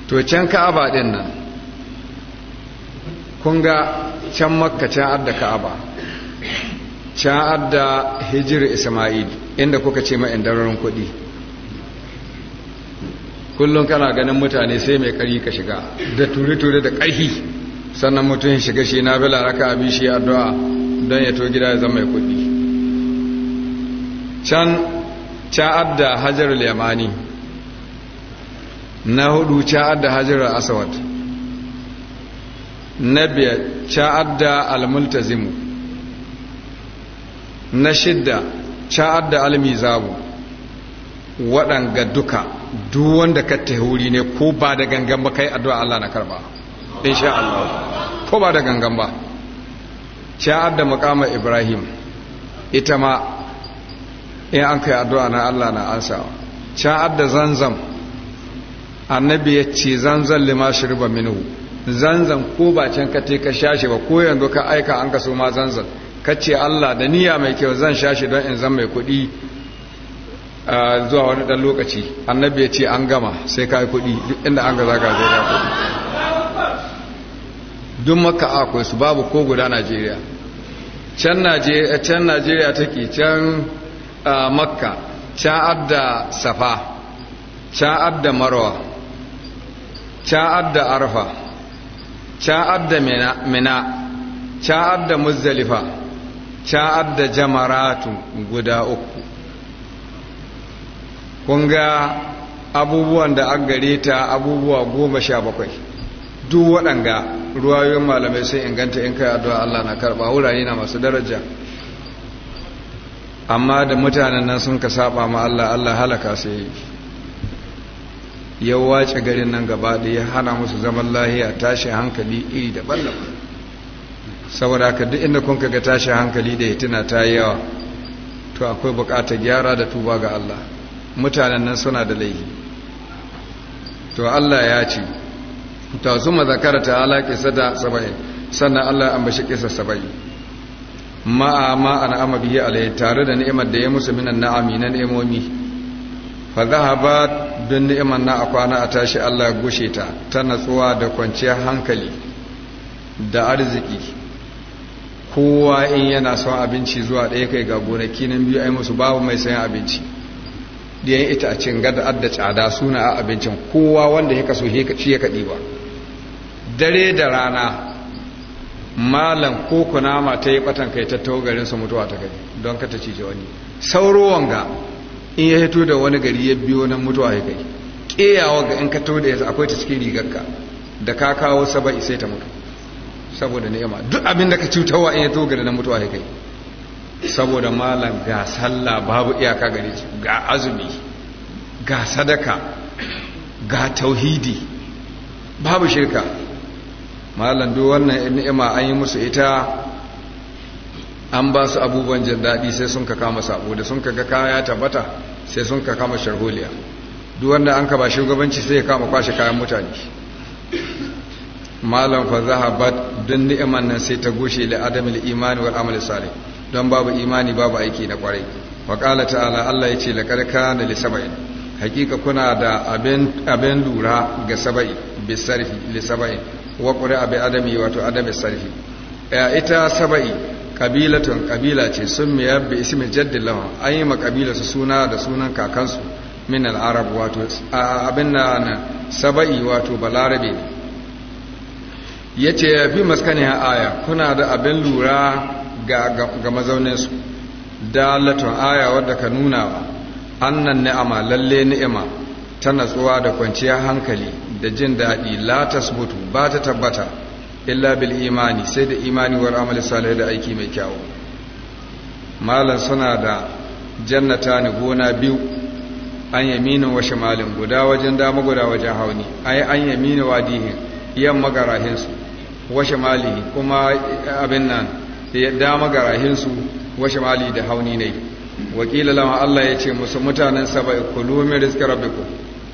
to can ka'aba din nan kun ga can makka can adda ka'aba can adda hijir isma'il inda kuka ce ma'in dararin kuɗi kullum kana ganin mutane sai mai kari ka shiga da ture-ture da karfi sannan mutum ya shiga shi na bila raka abin shi addu'a don ya to gida ya zama mai kudi. can ca'ad da hajar yamani na hudu ca'ad da hajar aswad na biyar ca'ad da almultazimu na shidda ca'ad da almizabu waɗanga duka duk wanda ka tahuri ne ko ba da gangan ba kai addu'a Allah na karba insha Allah ko ba da gangan ba ca'ad da maqama ibrahim ita ma in an kai addu'a na Allah na ansawa can adda zanzam annabi ya ce zanzan lima shirba minhu zanzan ko ba can ka ka shashi ba ko yanzu ka aika an ka ma zanzan ka ce Allah da niyya mai kyau zan shashi don in zan mai kuɗi zuwa wani dan lokaci annabi ya ce an gama sai ka yi kuɗi duk inda an ga za ka zai ka kuɗi duk maka akwai su babu ko guda Najeriya can Najeriya take can makka ca'ad da safa ca'ad da marwa ca'ad da arfa ca'ad da mina ca'ad da muzdalifa ca'ad da jamaratu guda uku kun ga abubuwan da an gare ta abubuwa goma sha bakwai duk waɗanga ruwayoyin malamai sun inganta in kai addu'a Allah na karɓa wurare na masu daraja amma da mutanen nan sun ka saba ma Allah Allah halaka su yi ya wace garin nan gaba da ya hana musu zaman lahiya tashi hankali iri daban-daban saboda ka duk inda kun ga tashi hankali da ya ta yawa to akwai bukatar gyara da tuba ga Allah mutanen nan suna da laifi to Allah ya ce ta zuma zakarta ta ala kisa da saba'in sannan Allah ya ambashi kisa saba'in ma'a ma an'ama bihi tare da ni'imar da ya musu minan na'ami na ni'imomi fa ba bin ni'man na kwana a tashi Allah gushe ta ta natsuwa da kwanciyar hankali da arziki kowa in yana son abinci zuwa ɗaya kai ga gonaki nan biyu ai musu babu mai sayan abinci diyan ita a cin gada adda tsada suna a abincin kowa wanda ya kaso shi ya kaɗi ba dare da rana malam ko kunama ta yi batan kai ta taho garin mutuwa ta kai don ka ta cije wani sauro wanga in ya hito da wani gari ya biyo nan mutuwa ya kai ƙeyawa ga in ka taho da yasa akwai ta cikin rigarka da ka kawo saba sai ta mutu saboda ni'ima duk abin da ka cutarwa in ya taho garin nan mutuwa ya kai saboda malam ga sallah babu iyaka gare su ga azumi ga sadaka ga tauhidi babu shirka malam duk wannan ni'ima an yi musu ita an ba su abubuwan jin daɗi sai sun ka kama sabo da sun ka ga kaya tabbata sai sun ka kama sharholiya duk wanda an ka ba shugabanci sai ya kama kwashe kayan mutane malam fa zahabat dun ni'iman nan sai ta goshe da adamul imani wal amali salih don babu imani babu aiki na kwarai wa qala ta'ala Allah yace karka na li sab'in hakika kuna da abin abin lura ga sab'i bisarfi li sab'in wa ƙuri'a bi adami wato adami sarfi ita saba'i kabilatun kabila ce sun miyar bi ismi jaddi lawan an yi kabila su suna da sunan kakansu min al'arab wato abin na saba'i wato balarabe ne ya ce ya fi maskaniyar aya kuna da abin lura ga mazauninsu dalatun aya wadda ka nuna wa annan ni'ama lalle ni'ima ta natsuwa da kwanciyar hankali da jin daɗi la tasbutu ba ta tabbata illa bil imani sai da imani war amali salih da aiki mai kyawu malan suna da jannata ne gona biyu an yaminin wa shimalin guda wajen dama guda wajen hauni ai an yamini wadihin yamma magarahin su wa shimali kuma abin nan dama garahin su wa shimali da hauni ne wakila lama Allah ya ce musu mutanen saba kulu min rizqi rabbikum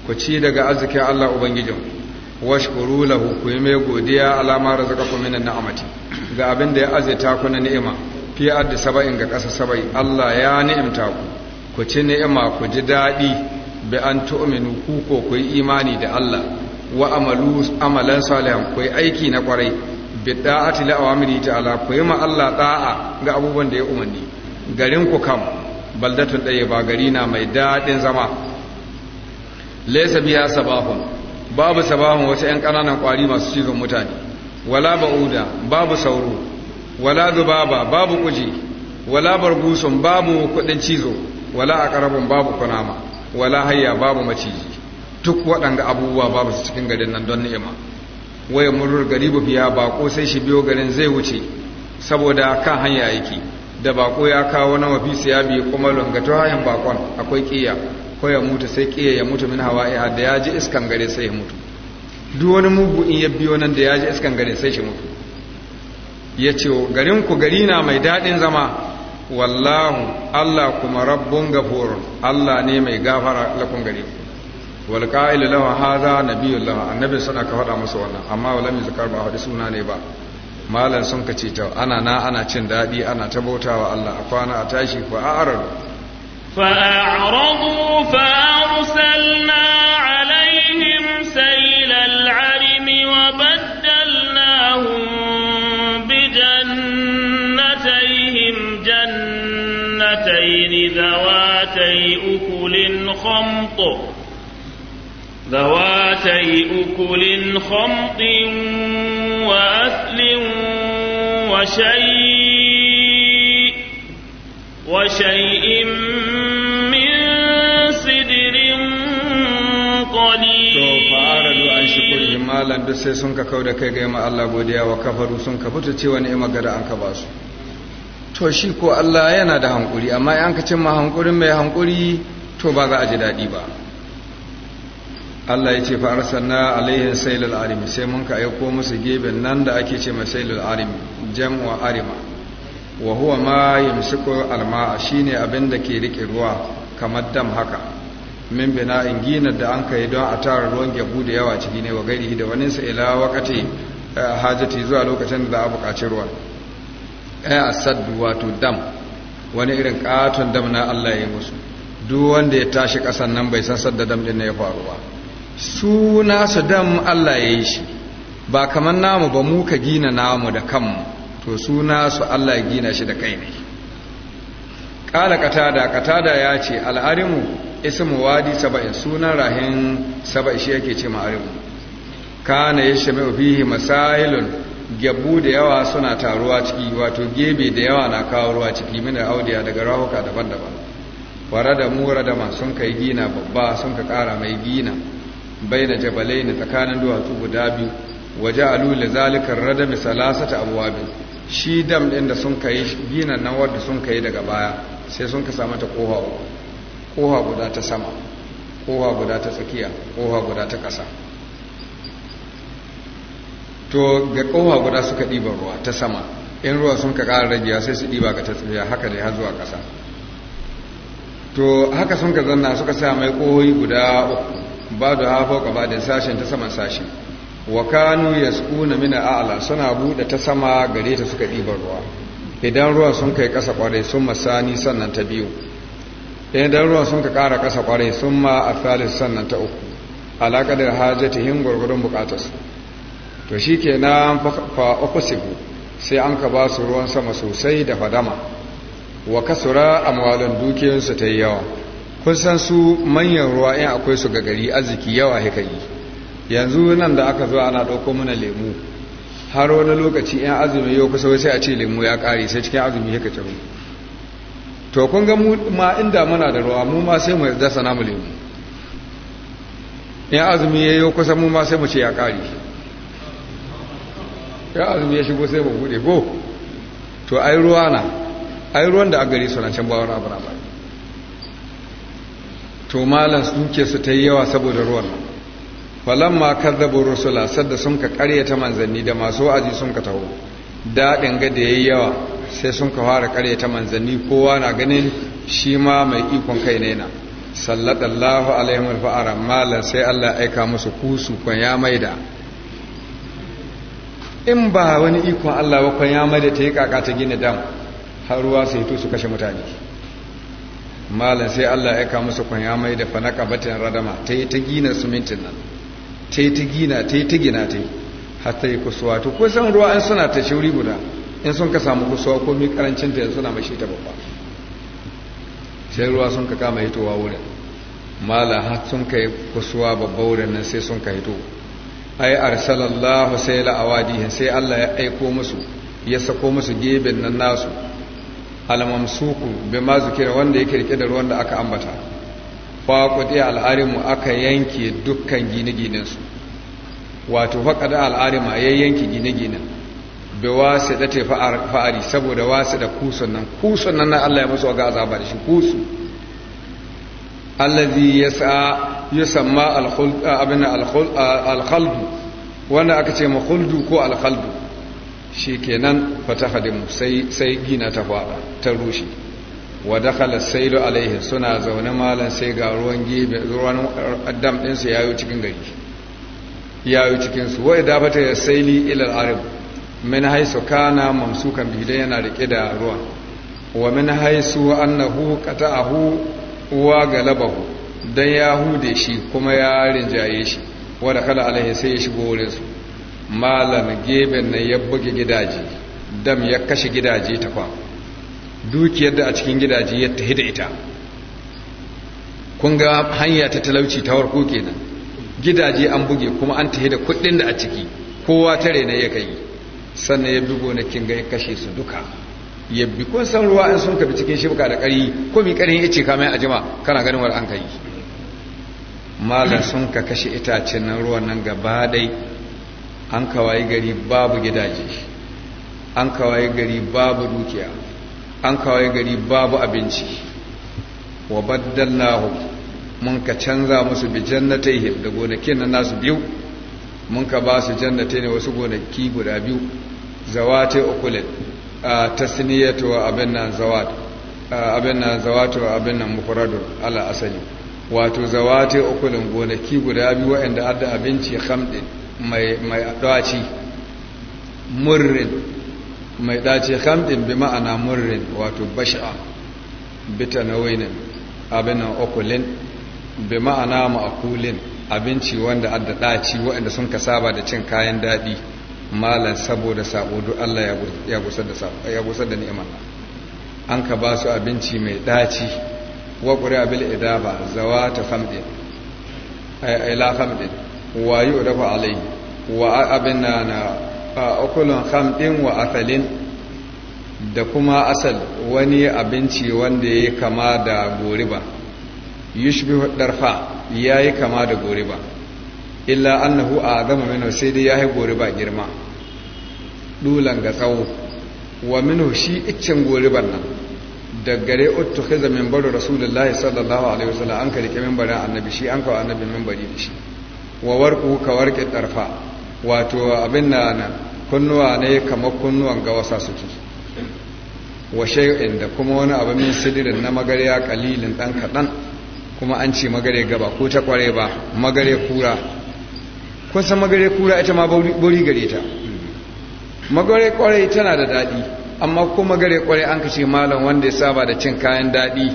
ku ci daga arzikin Allah ubangijin washkuru lahu ku yi mai godiya alama ku minan na'amati. ga abin da ya azita ku na ni'ima fi addi saba'in ga ƙasa saba'i Allah ya ni'imta ku ku ci ni'ima ku ji daɗi bi an tu'minu ku ko ku yi imani da Allah wa amalu amalan salihan ku yi aiki na kwarai bi da'ati la awamiri ta'ala ku yi ma Allah da'a ga abubuwan da ya umarni garin ku kam baldatun ɗaya ba gari na mai daɗin zama laysa biya sabahun babu sabahun wasu yan ƙananan kwari masu cizon mutane wala ba'uda babu sauro wala zubaba babu kuji wala bargusun babu kudin cizo wala aqrabun babu kunama wala hayya babu maciji duk waɗanda abubuwa babu su cikin garin nan don ni'ima waya murur garibu biya bako sai shi biyo garin zai wuce saboda kan hanya yake da bako ya kawo na mafi siya biyu kuma longato hayan bakon akwai ƙiya ko ya mutu sai kiya ya mutu min hawa'iha da ya ji iskan gare sai ya mutu duk wani mugu in ya biyo nan da ya ji iskan gare sai shi mutu ya ce garin ku gari na mai daɗin zama wallahu Allah kuma rabbun gafurun Allah ne mai gafara lakun gari ku wal qa'ilu lahu hadha nabiyullah annabi suna ka faɗa musu wannan amma wala mai zakar ba hadisi suna ne ba malam sun ce ta ana na ana cin daɗi ana ta Allah a kwana a tashi ko a arar فأعرضوا فأرسلنا عليهم سيل العرم وبدلناهم بجنتيهم جنتين ذواتي أكل خمط ذواتي أكل خمط وأثل وشيء Washe yi min sidirin kodiya? To malam duk sai sun ka kauna kai-kai, ga 'yamma Allah godiya wa kafar ku sun ka fito ciwoni 'yamma gadda an ka basu. To shi ko Allah yana da hanƙuri, amma ina cikin ma hanƙurin mai hankuri to ba za a ji daɗi ba. Allah yace ce fa'adatar sannan Alayhi daftarin dafa sai mun ka aiko musu geben nan da ake ce min sallar armi, jam'u arima. wa huwa ma yamsiku alma'a shine abin da ke rike ruwa kamar dam haka min bina inginar da an kai don a tara ruwan gyabu da yawa ciki ne wa da wani sa ila wakati eh, hajati zuwa lokacin da za a buƙaci ruwa eh, ai asaddu wato dam wani irin katon dam na Allah ya musu duk wanda ya tashi ƙasan nan bai san sadda dam din ne ya faru ba su nasu dam Allah ya yi shi ba kamar namu ba mu ka gina namu da kanmu to suna su Allah ya gina shi da kai ne ƙala katada katada ya ce al'arimu ismu wadi saba'in sunan rahin saba'i shi yake ce ma'arimu kana ya shame fihi masailun gabu da yawa suna taruwa ciki wato gebe da yawa na kawo ruwa ciki mina audiya daga rahuka daban-daban Fara da mura da sun kai gina babba sun ka kara mai gina bai na jabalai na tsakanin duwatsu guda biyu waje alu da zalikar rada misalasa ta abuwa biyu shi dam ɗin da sun kai gina nan wadda sun kai daga baya sai sun ka samu ta koha kowa guda ta sama kowa guda ta tsakiya kowa guda ta ƙasa to ga kowa guda suka ɗiba ruwa ta sama in ruwa sun ka ƙara ragewa sai su ɗiba ga ta tsakiya haka ne har zuwa ƙasa to haka sun ka zanna suka sa mai kohoyi guda uku ba da hafa ka ba da sashen ta saman sashen wa kanu yasquna min a'la suna bude ta sama gare ta suka ɗiba ruwa idan ruwan sun kai ƙasa kware sun masani sannan ta biyu idan ruwan sun ka ƙara ƙasa kwarai sun ma a thalis sannan ta uku hajjata hin gurgurun bukatarsu to shi ke na fa'okusibu sai an ka ba su ruwan sama sosai da fadama wa kasura amwalin dukiyarsu ta yi yawa kun san su manyan ruwa in akwai su ga gari arziki yawa haka yi yanzu nan da aka zo ana ɗauko mana lemu har wani lokaci yan azumi yau kusa sai a ce lemu ya ƙare sai cikin azumi ya kace mu to kun ga mu ma inda muna da ruwa mu ma sai mu dasa namu lemu yan azumi ya yau kusa mu ma sai mu ce ya ƙare yan azumi ya shigo sai mu bude go to ai ruwa na ai ruwan da a gari suna can bawar abu na to malam suke su ta yi yawa saboda ruwan nan falamma kadzabu rusula sadda sun ka ta manzanni da masu wa'azi sun ka taho daɗin ga da yayi yawa sai sun ka fara ta manzanni kowa na ganin shi ma mai ikon kai ne na sallallahu alaihi wa fa'ara mala sai Allah aika musu kusu kan ya maida in ba wani ikon Allah ba kan ya maida ta yi kaka ta gina dam har ruwa sai to su kashe mutane malam sai Allah ya kawo musu kwanya mai da fanaka batin radama ta yi ta gina sumintin nan ta yi ta gina ta yi ta gina ta yi hatta yi kusuwa to ko san ruwa an suna ta shauri guda in sun ka samu kusuwa ko mai karancin ta suna mashi ta babba sai ruwa sun ka kama hitowa wurin mala har sun yi kusuwa babba wurin nan sai sun ka hito ai arsalallahu sai la'awadihin sai Allah ya aiko musu ya sako musu geben nan nasu almamsuku bima zikira wanda yake rike da ruwan da aka ambata fa kuɗi al'arimu aka yanke dukkan gine-ginensu wato faƙaɗa al'arima ya yanke gine-ginen bai wasu da fa'ari saboda wasu da kusan nan kusan nan na Allah ya musu ga azaba da shi kusu allazi ya sa ya samma abin alkhaldu wanda aka ce makhuldu ko alkhaldu shi kenan fata hadimu sai gina ta faɗa ta rushe wa dakhala sailu alaihi suna zaune malan sai ga ruwan gibe ruwan addam din su yayo cikin gari yayo cikin su wai da bata saili ila al-arab min haisu kana mamsukan bidan yana rike da ruwan wa min haisu annahu qata'ahu wa galabahu dan ya hude shi kuma ya rinjaye shi wa dakhala alaihi sai ya shigo wurin su malan geben nan ya buge gidaje dam ya kashe gidaje takwa dukiyar da a cikin gidaje ya tahi da ita kun ga hanya ta talauci ta warko kenan gidaje an buge kuma an tahi da kuɗin da a ciki kowa tare na ya kai sannan ya bi gonakin ga ya kashe su duka ya bi kun san ruwa in sun kafi cikin shibka da ƙari ko mi ƙarin ya ce mai ajima kana ganin wani an kai malam sun ka kashe itacen nan ruwan nan gaba dai an kawai gari babu gidaje an kawai gari babu dukiya an kawai gari babu abinci wa baddalnahum mun ka canza musu bi jannatai da gonakin na nasu biyu mun ka ba su jannatai ne wasu gonaki guda biyu zawate ukulin tasniyatu wa abin nan zawat abin nan zawatu wa abin nan mufradun ala asali wato zawate ukulin gonaki guda biyu wa'anda adda abinci khamdin mai mai daci murrin mai dace hamɗin bi ma'ana murrin wato basha bita na abin abinan okulin bi ma'ana ma'akulin abinci wanda adda ɗaci waɗanda sun ka saba da cin kayan daɗi malan saboda sabo Allah ya gusar da ni'ima an ka ba su abinci mai ɗaci wa ƙuri abil idaba zawa ta famɗin aila famɗin wa yi dafa alai wa abin na akulun hamɗin wa afalin da kuma asal wani abinci wanda ya kama da goriba yushbi darfa ya yi kama da goriba illa annahu a gama minu sai dai ya yi goriba girma dulan ga tsawo wa minu shi iccen goriban nan da gare uttu khiza min baru rasulullahi sallallahu alaihi wasallam an karike mimbarin annabi shi an kawo annabi mimbari da shi wa warku ka warke darfa wato abin na nan kunnuwa ne kamar kunnuwan gawasa suke wa shay'in da kuma wani abu min sidirin na magarya kalilin dan kadan kuma an ce magare gaba ko ta kware ba magare kura kun san magare kura ita ma bori gare ta magare kware tana da dadi amma ko magare kware an kace malam wanda ya saba da cin kayan dadi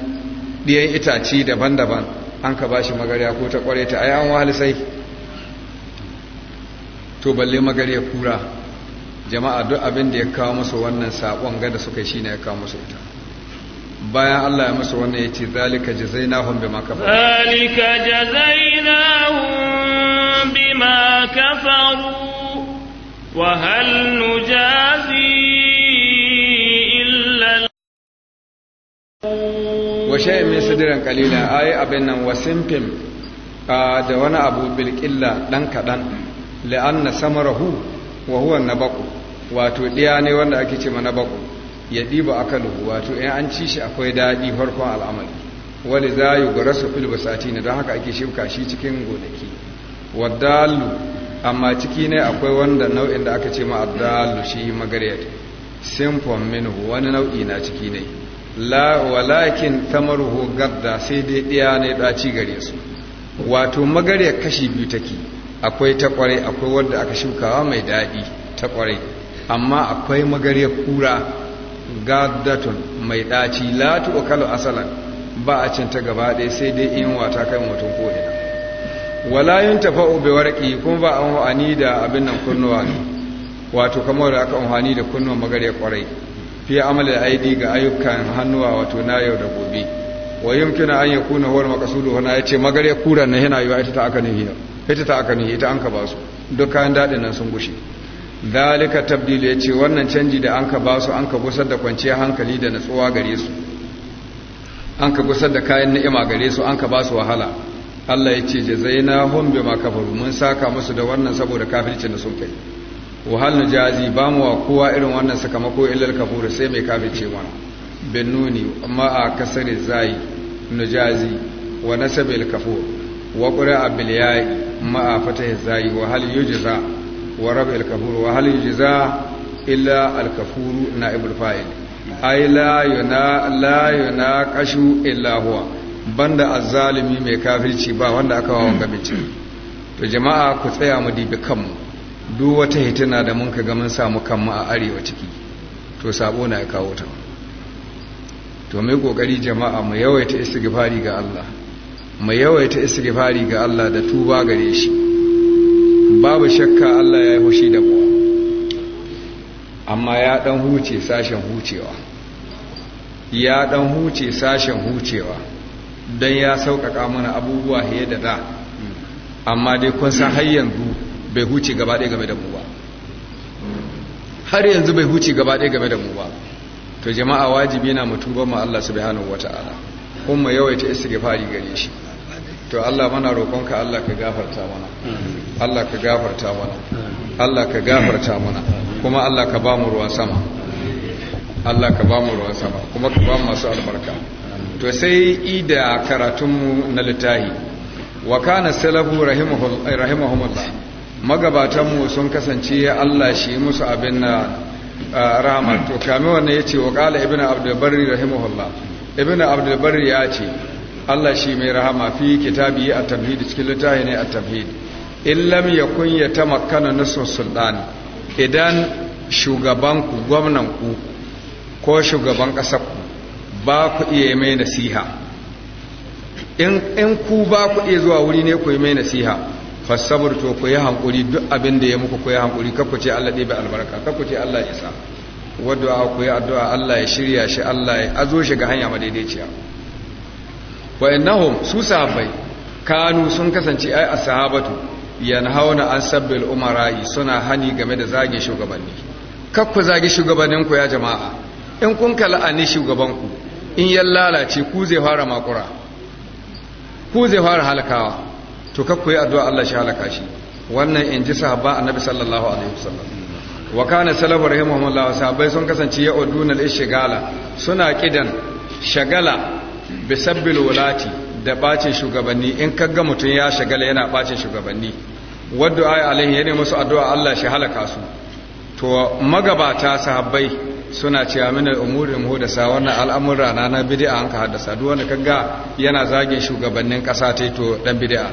diyan itace daban-daban an ka bashi magariya ko ta kware ta ai an wahal sai to balle ya kura jama'a duk abin da ya kawo musu wannan sabon gada suka shi ne ya kawo musu ita bayan Allah ya musu wannan ya ce zalika jazainahum bima kafaru zalika jazainahum bima kafaru wa hal nujazi illa wa shay min sidran qalila ayi abin nan wasimpim ah, da wani abu bilqilla dan kadan la'anna samarahu wa huwa nabaqu wato diya ne wanda ake ce ma nabaqu ya diba akaluhu wato in an ci shi akwai dadi farkon al'amari wali za yugrasu fil ne don haka ake shibka shi cikin gonaki wadalu amma ciki ne akwai wanda nau'in da aka ce ma addalu shi magariyat simfon minhu wani nau'i na ciki ne la walakin tamaruhu gadda sai dai diya ne ci gare su wato magariyar kashi biyu take akwai ta kwarai akwai wadda aka shukawa mai daɗi ta kwarai amma akwai magarya kura gadatun mai ɗaci latu okalo asalan ba a cin ta gaba ɗaya sai dai in wata kai mutum ko ina wala yin tafa'u bi kuma ba amfani da abin nan kunnuwa ne wato kamar da aka amfani da kunnuwan magarya kwarai amala da aidi ga ayyukan hannuwa wato na yau da gobe wa yumkina an yakuna huwa al-maqsudu ya ce magarya kura na yana yiwa ita ta aka ne ita ta aka nuhi ita an ka ba su duk kayan daɗin nan sun gushe zalika tabdil ya ce wannan canji da an ka ba su an ka gusar da kwanciyar hankali da natsuwa gare su an ka gusar da kayan na'ima gare su an ka ba su wahala Allah ya ce jazaina hum bima kafaru mun saka musu da wannan saboda kafircin da sun kai wahal najazi ba mu wa kowa irin wannan sakamako illal kafur sai mai kafirce ma bin nuni amma a kasare zai najazi wa nasabil kafur wa qura'a bil ya'i ma'a fatah zai wa hal yujza wa rab alkafuru kafur wa hal yujza illa alkafuru na naibul fa'il ay la la kashu illa huwa banda azzalimi mai kafirci ba wanda aka wa wanga to jama'a ku tsaya mu dibi kanmu duk wata hitina da mun kaga mun samu kanmu a arewa ciki to sabo na ya kawo ta to mai kokari jama'a mu yawaita istighfari ga Allah Mai yawaita istighfari ga Allah da tuba gare shi babu shakka Allah ya yi hushi da mu amma ya dan huce sashen hucewa ya dan huce sashen hucewa don ya sauƙaƙa mana abubuwa fiye da da amma dai kun san har yanzu bai huce gaba ɗaya game da mu ba har yanzu bai huce gaba ɗaya game da mu ba to jama'a wajibi na mutuban ma Allah subhanahu wata'ala kuma yawaita istighfari gare shi to Allah mana roƙonka Allah ka gafarta mana Allah ka gafarta mana Allah ka gafarta mana kuma Allah ka ba mu ruwan sama Allah ka ba mu ruwan sama kuma ka ba mu masu albarka to sai ida karatunmu na litahi wa kana salafu rahimahumullah magabatanmu sun kasance Allah shi musu abin na rahama to kame wannan yace wa qala ibnu abdul barri rahimahullah ibnu abdul barri ya ce Allah shi mai rahama fi kitabi a tafhid cikin littafi ne a tamhidi in lam yakun ya tamakkana nasu sultan idan shugabanku gwamnanku ko shugaban ƙasarku ba ku iya mai nasiha in ku ba ku iya zuwa wuri ne ku yi mai nasiha fassabar to ku yi hankuri duk abin da ya muku ku yi hankuri kakku ce Allah ɗebe albarka kakku ce Allah ya sa wadda ku yi addu'a Allah ya shirya shi Allah ya azo shi ga hanya madaidaiciya wa innahum su sahabbai kanu sun kasance ai ashabatu yanhauna an sabbil umara'i suna hani game da zage shugabanni kakku zage shugabannin ku ya jama'a in kun ani shugaban ku in ya lalace ku zai fara makura ku zai fara halakawa to kakku yi addu'a Allah shi halaka shi wannan in ji sahabba annabi sallallahu alaihi wasallam wa kana salafu rahimahumullah sahabbai sun kasance ya uduna al-ishgala suna kidan shagala bisabbil wulati da bacin shugabanni in kaga mutum ya shagala yana bacin shugabanni wadda ayi alaihi yana musu addu'a Allah shi halaka su to magabata sahabbai suna cewa mu da sa wannan al'amura na na bid'a an ka haddasa duk wanda kaga yana zagin shugabannin kasa tai to dan bid'a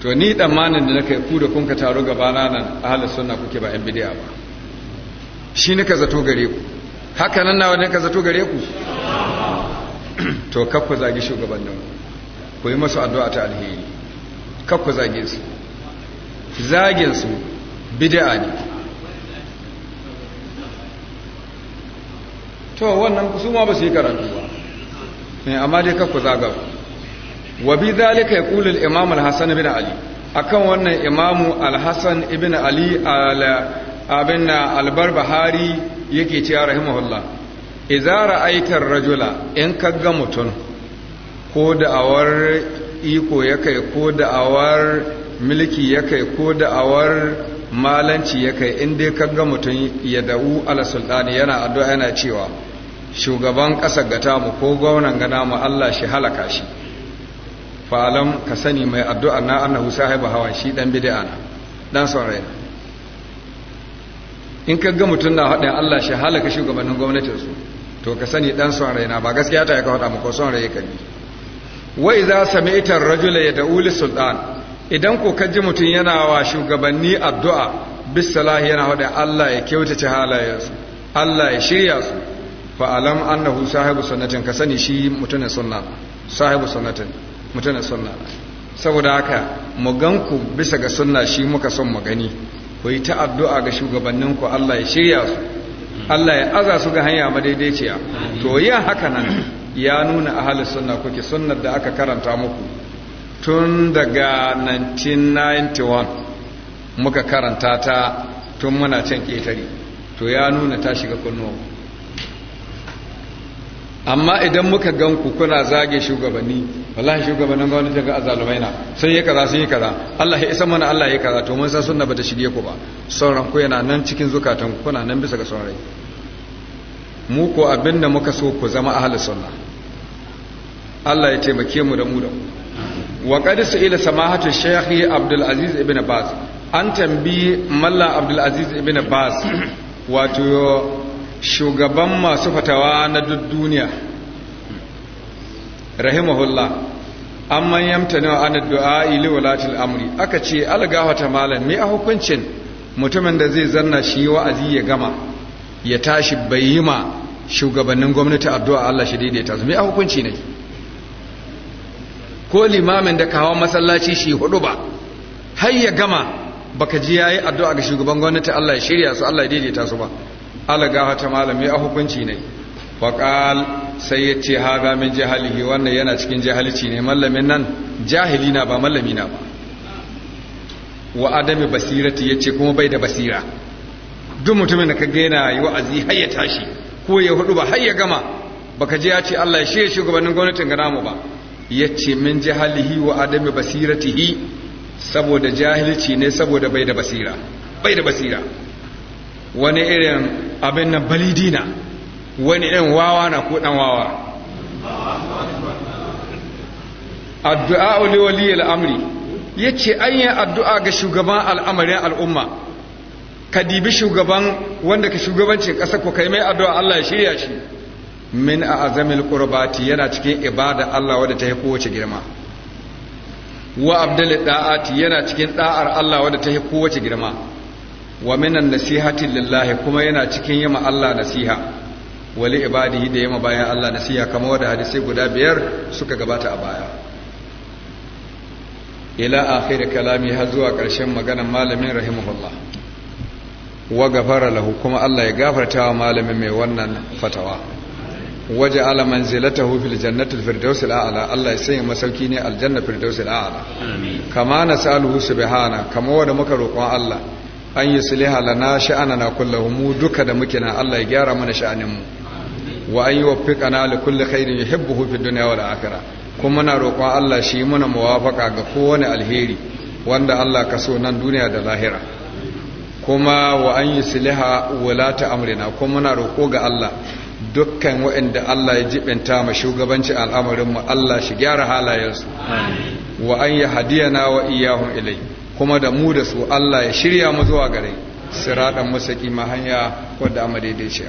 to ni tsammanin da nake ku da kun ka taro gaba nan ahlus sunna kuke ba yan bid'a ba shi nika zato gare ku haka nan na wani ka zato gare ku to kakku zagi shugabannin ku yi masu addu'a ta alheri kakku zage su zagin su bid'a ne to wannan su ma ba su yi karatu ba eh, amma dai kakku zaga wa bi zalika yaqulu al-imam al-hasan ibn ali akan wannan imamu al-hasan ibn ali ala abin na albar bahari yake cewa rahimahullah idza ra'aitar rajula in kaga mutum ko da'awar iko ya kai ko da'awar mulki ya kai ko da'awar malanci ya in dai kaga mutum ya da'u ala sultani yana addu'a yana cewa shugaban ƙasar gata mu ko gwamnan ga mu Allah shi halaka shi fa'alam ka sani mai addu'a na annahu sahiba hawa shi dan bid'a na dan saurayi in ka ga mutum na haɗin Allah shi halaka shugabannin gwamnatinsu to ka sani ɗan son raina ba gaskiya ta yi ka haɗa muku son raye ka bi wai za sami ita rajula ya da uli sultan idan ko ka ji mutum yana wa shugabanni addu'a bisalahi yana haɗin Allah ya kyautace halayensu Allah ya shirya su alam annahu sahibu sunnatin ka sani shi mutumin sunna sahibu sunnatin mutumin sunna saboda haka mu gan ku bisa ga sunna shi muka son mu gani ku yi ta addu'a ga shugabanninku Allah ya shirya su Allah ya aza su ga hanya madaidaiciya to yin haka nan ya nuna halin sunna kuke sunnar da aka karanta muku tun daga 1991 muka karanta ta tun muna can ƙetare to ya nuna ta shiga kunnuwa amma idan muka gan ku kuna zage shugabanni wallahi shugabannin gwamnatin ga azalumai na sun yi kaza sun yi kaza Allah ya isa mana Allah ya kaza to mun san sunna bata shige ku ba sauran ku yana nan cikin zukatan ku kuna nan bisa ga sauran mu ko abinda muka so ku zama ahli sunna Allah ya taimake mu da mu da ku wa qad su'ila samahatu shaykh Abdul Aziz ibn Baz an tambi mallan Abdul Aziz ibn Baz wato shugaban masu fatawa na duk duniya rahimahullah an yamta ne wa an addu'a ili walatul amri aka ce algahata malam me a hukuncin mutumin da zai zanna shi wa'azi ya gama ya tashi bai ma shugabannin gwamnati addu'a Allah shi daidaita su me a hukunci ne ko limamin da kawo masallaci shi hudu ba har ya gama baka ji yayi addu'a ga shugaban gwamnati Allah ya shirya su Allah ya daidaita su ba alaga ta malami a hukunci ne faƙal sai ya ce haza min jahalihi wannan yana cikin jahilci ne mallamin nan jahili na ba mallami na ba wa adami basirati ya ce kuma bai da basira duk mutumin da ka gaina yi wa'azi har ya tashi ko ya hudu ba har ya gama baka je ya ce Allah ya shirya shugabannin gwamnatin ga namu ba ya ce min jahalihi wa adami basiratihi saboda jahilci ne saboda bai da basira bai da basira wani irin abin na balidina wani irin wawa na ko dan wawa addu'a li wali Ya yace an addu'a ga shugaban al'amarin al'umma ka dibi shugaban wanda ka shugabanci ƙasa ko kai mai addu'a Allah ya shirya shi min a azamil qurbati yana cikin ibada Allah wadda ta yi kowace girma wa abdul da'ati yana cikin da'ar Allah wadda ta yi kowace girma wa minan nasihati lillahi kuma yana cikin yima Allah nasiha wali ibadihi da yima bayan Allah nasiha kamar wanda hadisi guda biyar suka gabata a baya ila akhir kalami har zuwa ƙarshen maganar malamin rahimahullah wa gafara lahu kuma Allah ya gafarta wa malamin mai wannan fatawa waje ala manzilatahu fil jannati firdaus ala, Allah ya sanya masauki ne aljanna firdaus al'ala kama nasaluhu subhana kama wanda muka roƙon Allah an yi na lana na kullahu mu duka da muke na Allah ya gyara mana sha'aninmu wa an yi waffiqana li kulli khairin yuhibbuhu fid dunya wal akhirah kuma muna roƙon Allah shi muna muwafaka ga kowane alheri wanda Allah ka so nan duniya da lahira kuma wa an yi suliha wulata amrina kuma muna roƙo ga Allah dukkan waɗanda Allah ya jibinta ma shugabanci al'amarinmu Allah shi gyara halayensu wa an yi hadiyana wa iyahun ilai kuma da mu da su Allah ya shirya mu zuwa gare siradan ma hanya wadda amma shi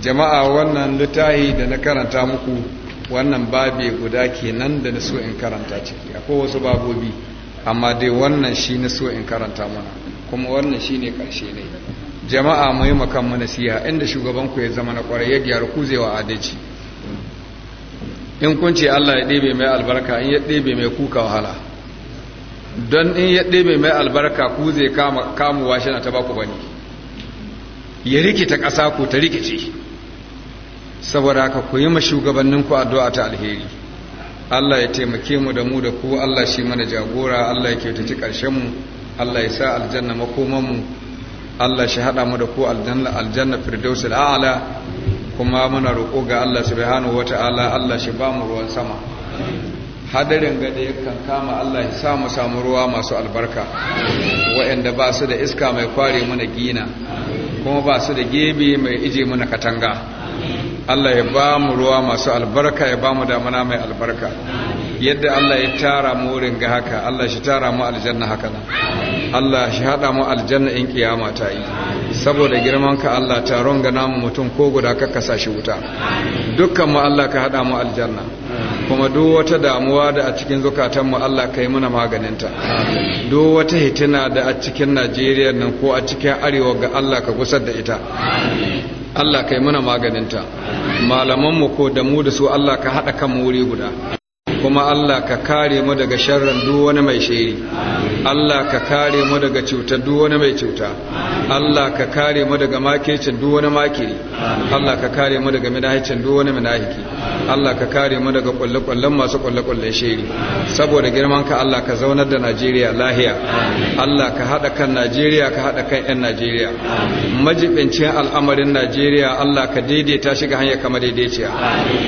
jama'a wannan littahi da na karanta muku wannan babe guda kenan da na so in karanta ciki akwai wasu babobi amma dai wannan shi na so in karanta mana kuma wannan shi ne ƙarshe ne jama'a mu yi makan mu nasiha inda shugabanku ya zama na kwarai ya gyaru ku zai wa adalci in kun ce Allah ya ɗebe mai albarka in ya ɗebe mai kuka wahala don in ya ɗebe mai albarka ku zai kamuwa shi na ta baku bane ya rikita ƙasa ku ta rikice saboda ka ku yi ma ku addu'a ta alheri Allah ya taimake mu da mu da ku Allah shi mana jagora Allah ya kyautaci ƙarshen mu Allah ya sa aljanna makoman Allah shi haɗa mu da ku aljanna aljanna firdausul a'la kuma muna roƙo ga Allah subhanahu wata'ala Allah shi ba mu ruwan sama hadarin gada kan kama Allah ya mu samu ruwa masu albarka waɗanda ba su da iska mai kware muna gina kuma ba su da gebe mai ije muna katanga Allah ya ba mu ruwa masu albarka ya ba mu damana mai albarka yadda Allah ya tara mu wurin ga haka Allah shi tara mu aljanna haka nan Allah shi hada mu aljanna in kiyama ta yi saboda girman ka Allah taron ga namu mutum ko guda ka kasa shi wuta dukkan mu Allah ka hada mu aljanna kuma duk wata damuwa da a cikin zukatanmu Allah kai muna maganinta duk wata hitina da a cikin Najeriya nan ko a cikin arewa ga Allah ka gusar da ita Allah kai muna maganinta malamanmu ko da mu da su Allah ka haɗa kan wuri guda kuma Allah ka kare mu daga sharrin duk wani mai shiri Allah ka kare mu daga cutar duk wani mai cuta Allah ka kare mu daga makircin duk wani makiri Allah ka kare mu daga minahicin duk wani minahiki Allah ka kare mu daga kullukullan masu kullukullan shiri saboda girman ka Allah ka zaunar da Najeriya lahiya Allah ka hada kan Najeriya ka hada kan yan Najeriya majibincin al'amarin Najeriya Allah ka daidaita shi ga hanya kamar daidaiciya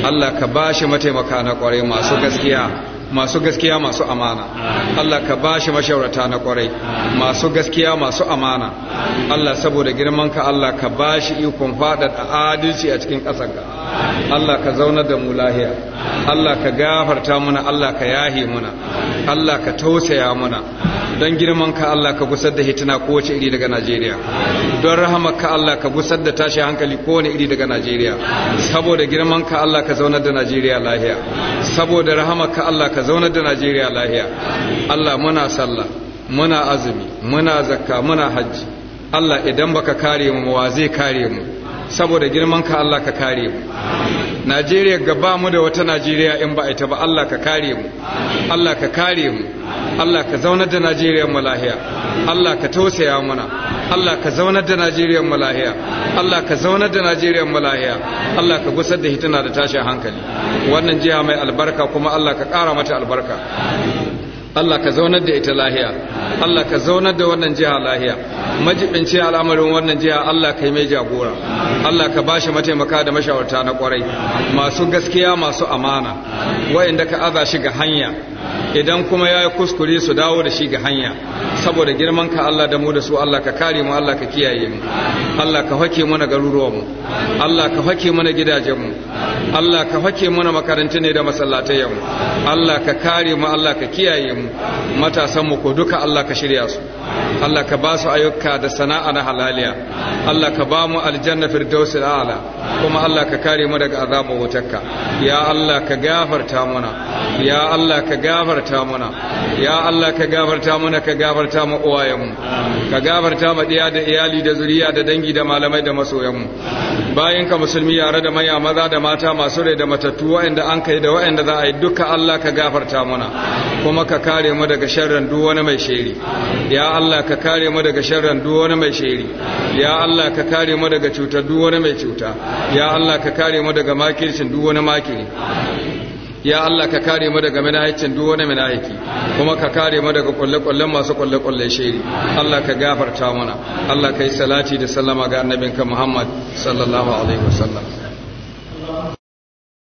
Allah ka bashi mataimaka na kwarai masu gaske. किया masu gaskiya masu amana Allah ka bashi mashaurata na kwarai masu gaskiya masu amana Allah saboda girman ka Allah ka bashi ikon a adalci a cikin ƙasar ka Allah ka zauna da mu lahiya Allah ka gafarta muna Allah ka yahi muna Allah ka tausaya muna don girman ka Allah ka gusar da hitina kowace iri daga Najeriya don rahamar ka Allah ka gusar da tashi hankali kowane iri daga Najeriya saboda girman ka Allah ka zauna da Najeriya lahiya saboda rahamar ka Allah ka zaunar da Najeriya lahiya Allah muna sallah muna azumi muna zakka muna hajji Allah idan baka kare mu wa zai kare mu saboda girman ka Allah ka kare mu Najeriya gaba mu da wata Najeriya in ba ita ba Allah ka kare mu Allah ka kare mu Allah ka zaunar da Najeriya mu lahiya Allah ka tausaya mana Allah ka zaunar da Najeriya mu lahiya Allah ka zaunar da Najeriya mu lahiya Allah ka gusar da hituna da tashin hankali wannan jiha mai albarka kuma Allah ka ƙara mata albarka Allah ka zaunar da ita lahiya Allah ka zaunar da wannan jiha lahiya majibince al'amarin wannan jiha Allah ka yi mai jagora Allah ka bashi mataimaka da mashawarta na kwarai masu gaskiya masu amana wayanda ka aza shi ga hanya idan kuma ya yi kuskure su dawo da shi ga hanya saboda girman ka Allah da mu da su Allah ka kare mu Allah ka kiyaye mu Allah ka hake mana garuruwa mu Allah ka hake mana gidajen mu Allah ka hake mana makarantun ne da masallatai mu Allah ka kare mu Allah ka kiyaye mu matasan mu ko duka Allah ka shirya su Allah ka ba su ayyuka da sana'a na halaliya Allah ka ba mu aljanna firdausil a'la kuma Allah ka kare mu daga azabar wutarka ya Allah ka gafarta mana ya Allah ka gafarta gafarta mana ya Allah ka gafarta mana ka gafarta mu uwayenmu ka gafarta mu diya da iyali da zuriya da dangi da malamai da masoyanmu bayan ka musulmi yare da maya maza da mata masu rai da matattu waɗanda an kai da waɗanda za a yi duka Allah ka gafarta mana kuma ka kare mu daga sharran duk wani mai sheri ya Allah ka kare mu daga sharran duk wani mai sheri ya Allah ka kare mu daga cutar duk wani mai cuta ya Allah ka kare mu daga makircin duk wani makiri ya Allah ka kare mu daga manahicin duk wani manahiki kuma ka kare mu daga kulle masu kulle-kullen shiri Allah ka gafarta mana Allah ka yi salati da sallama ga annabinka Muhammad sallallahu alaihi wasallam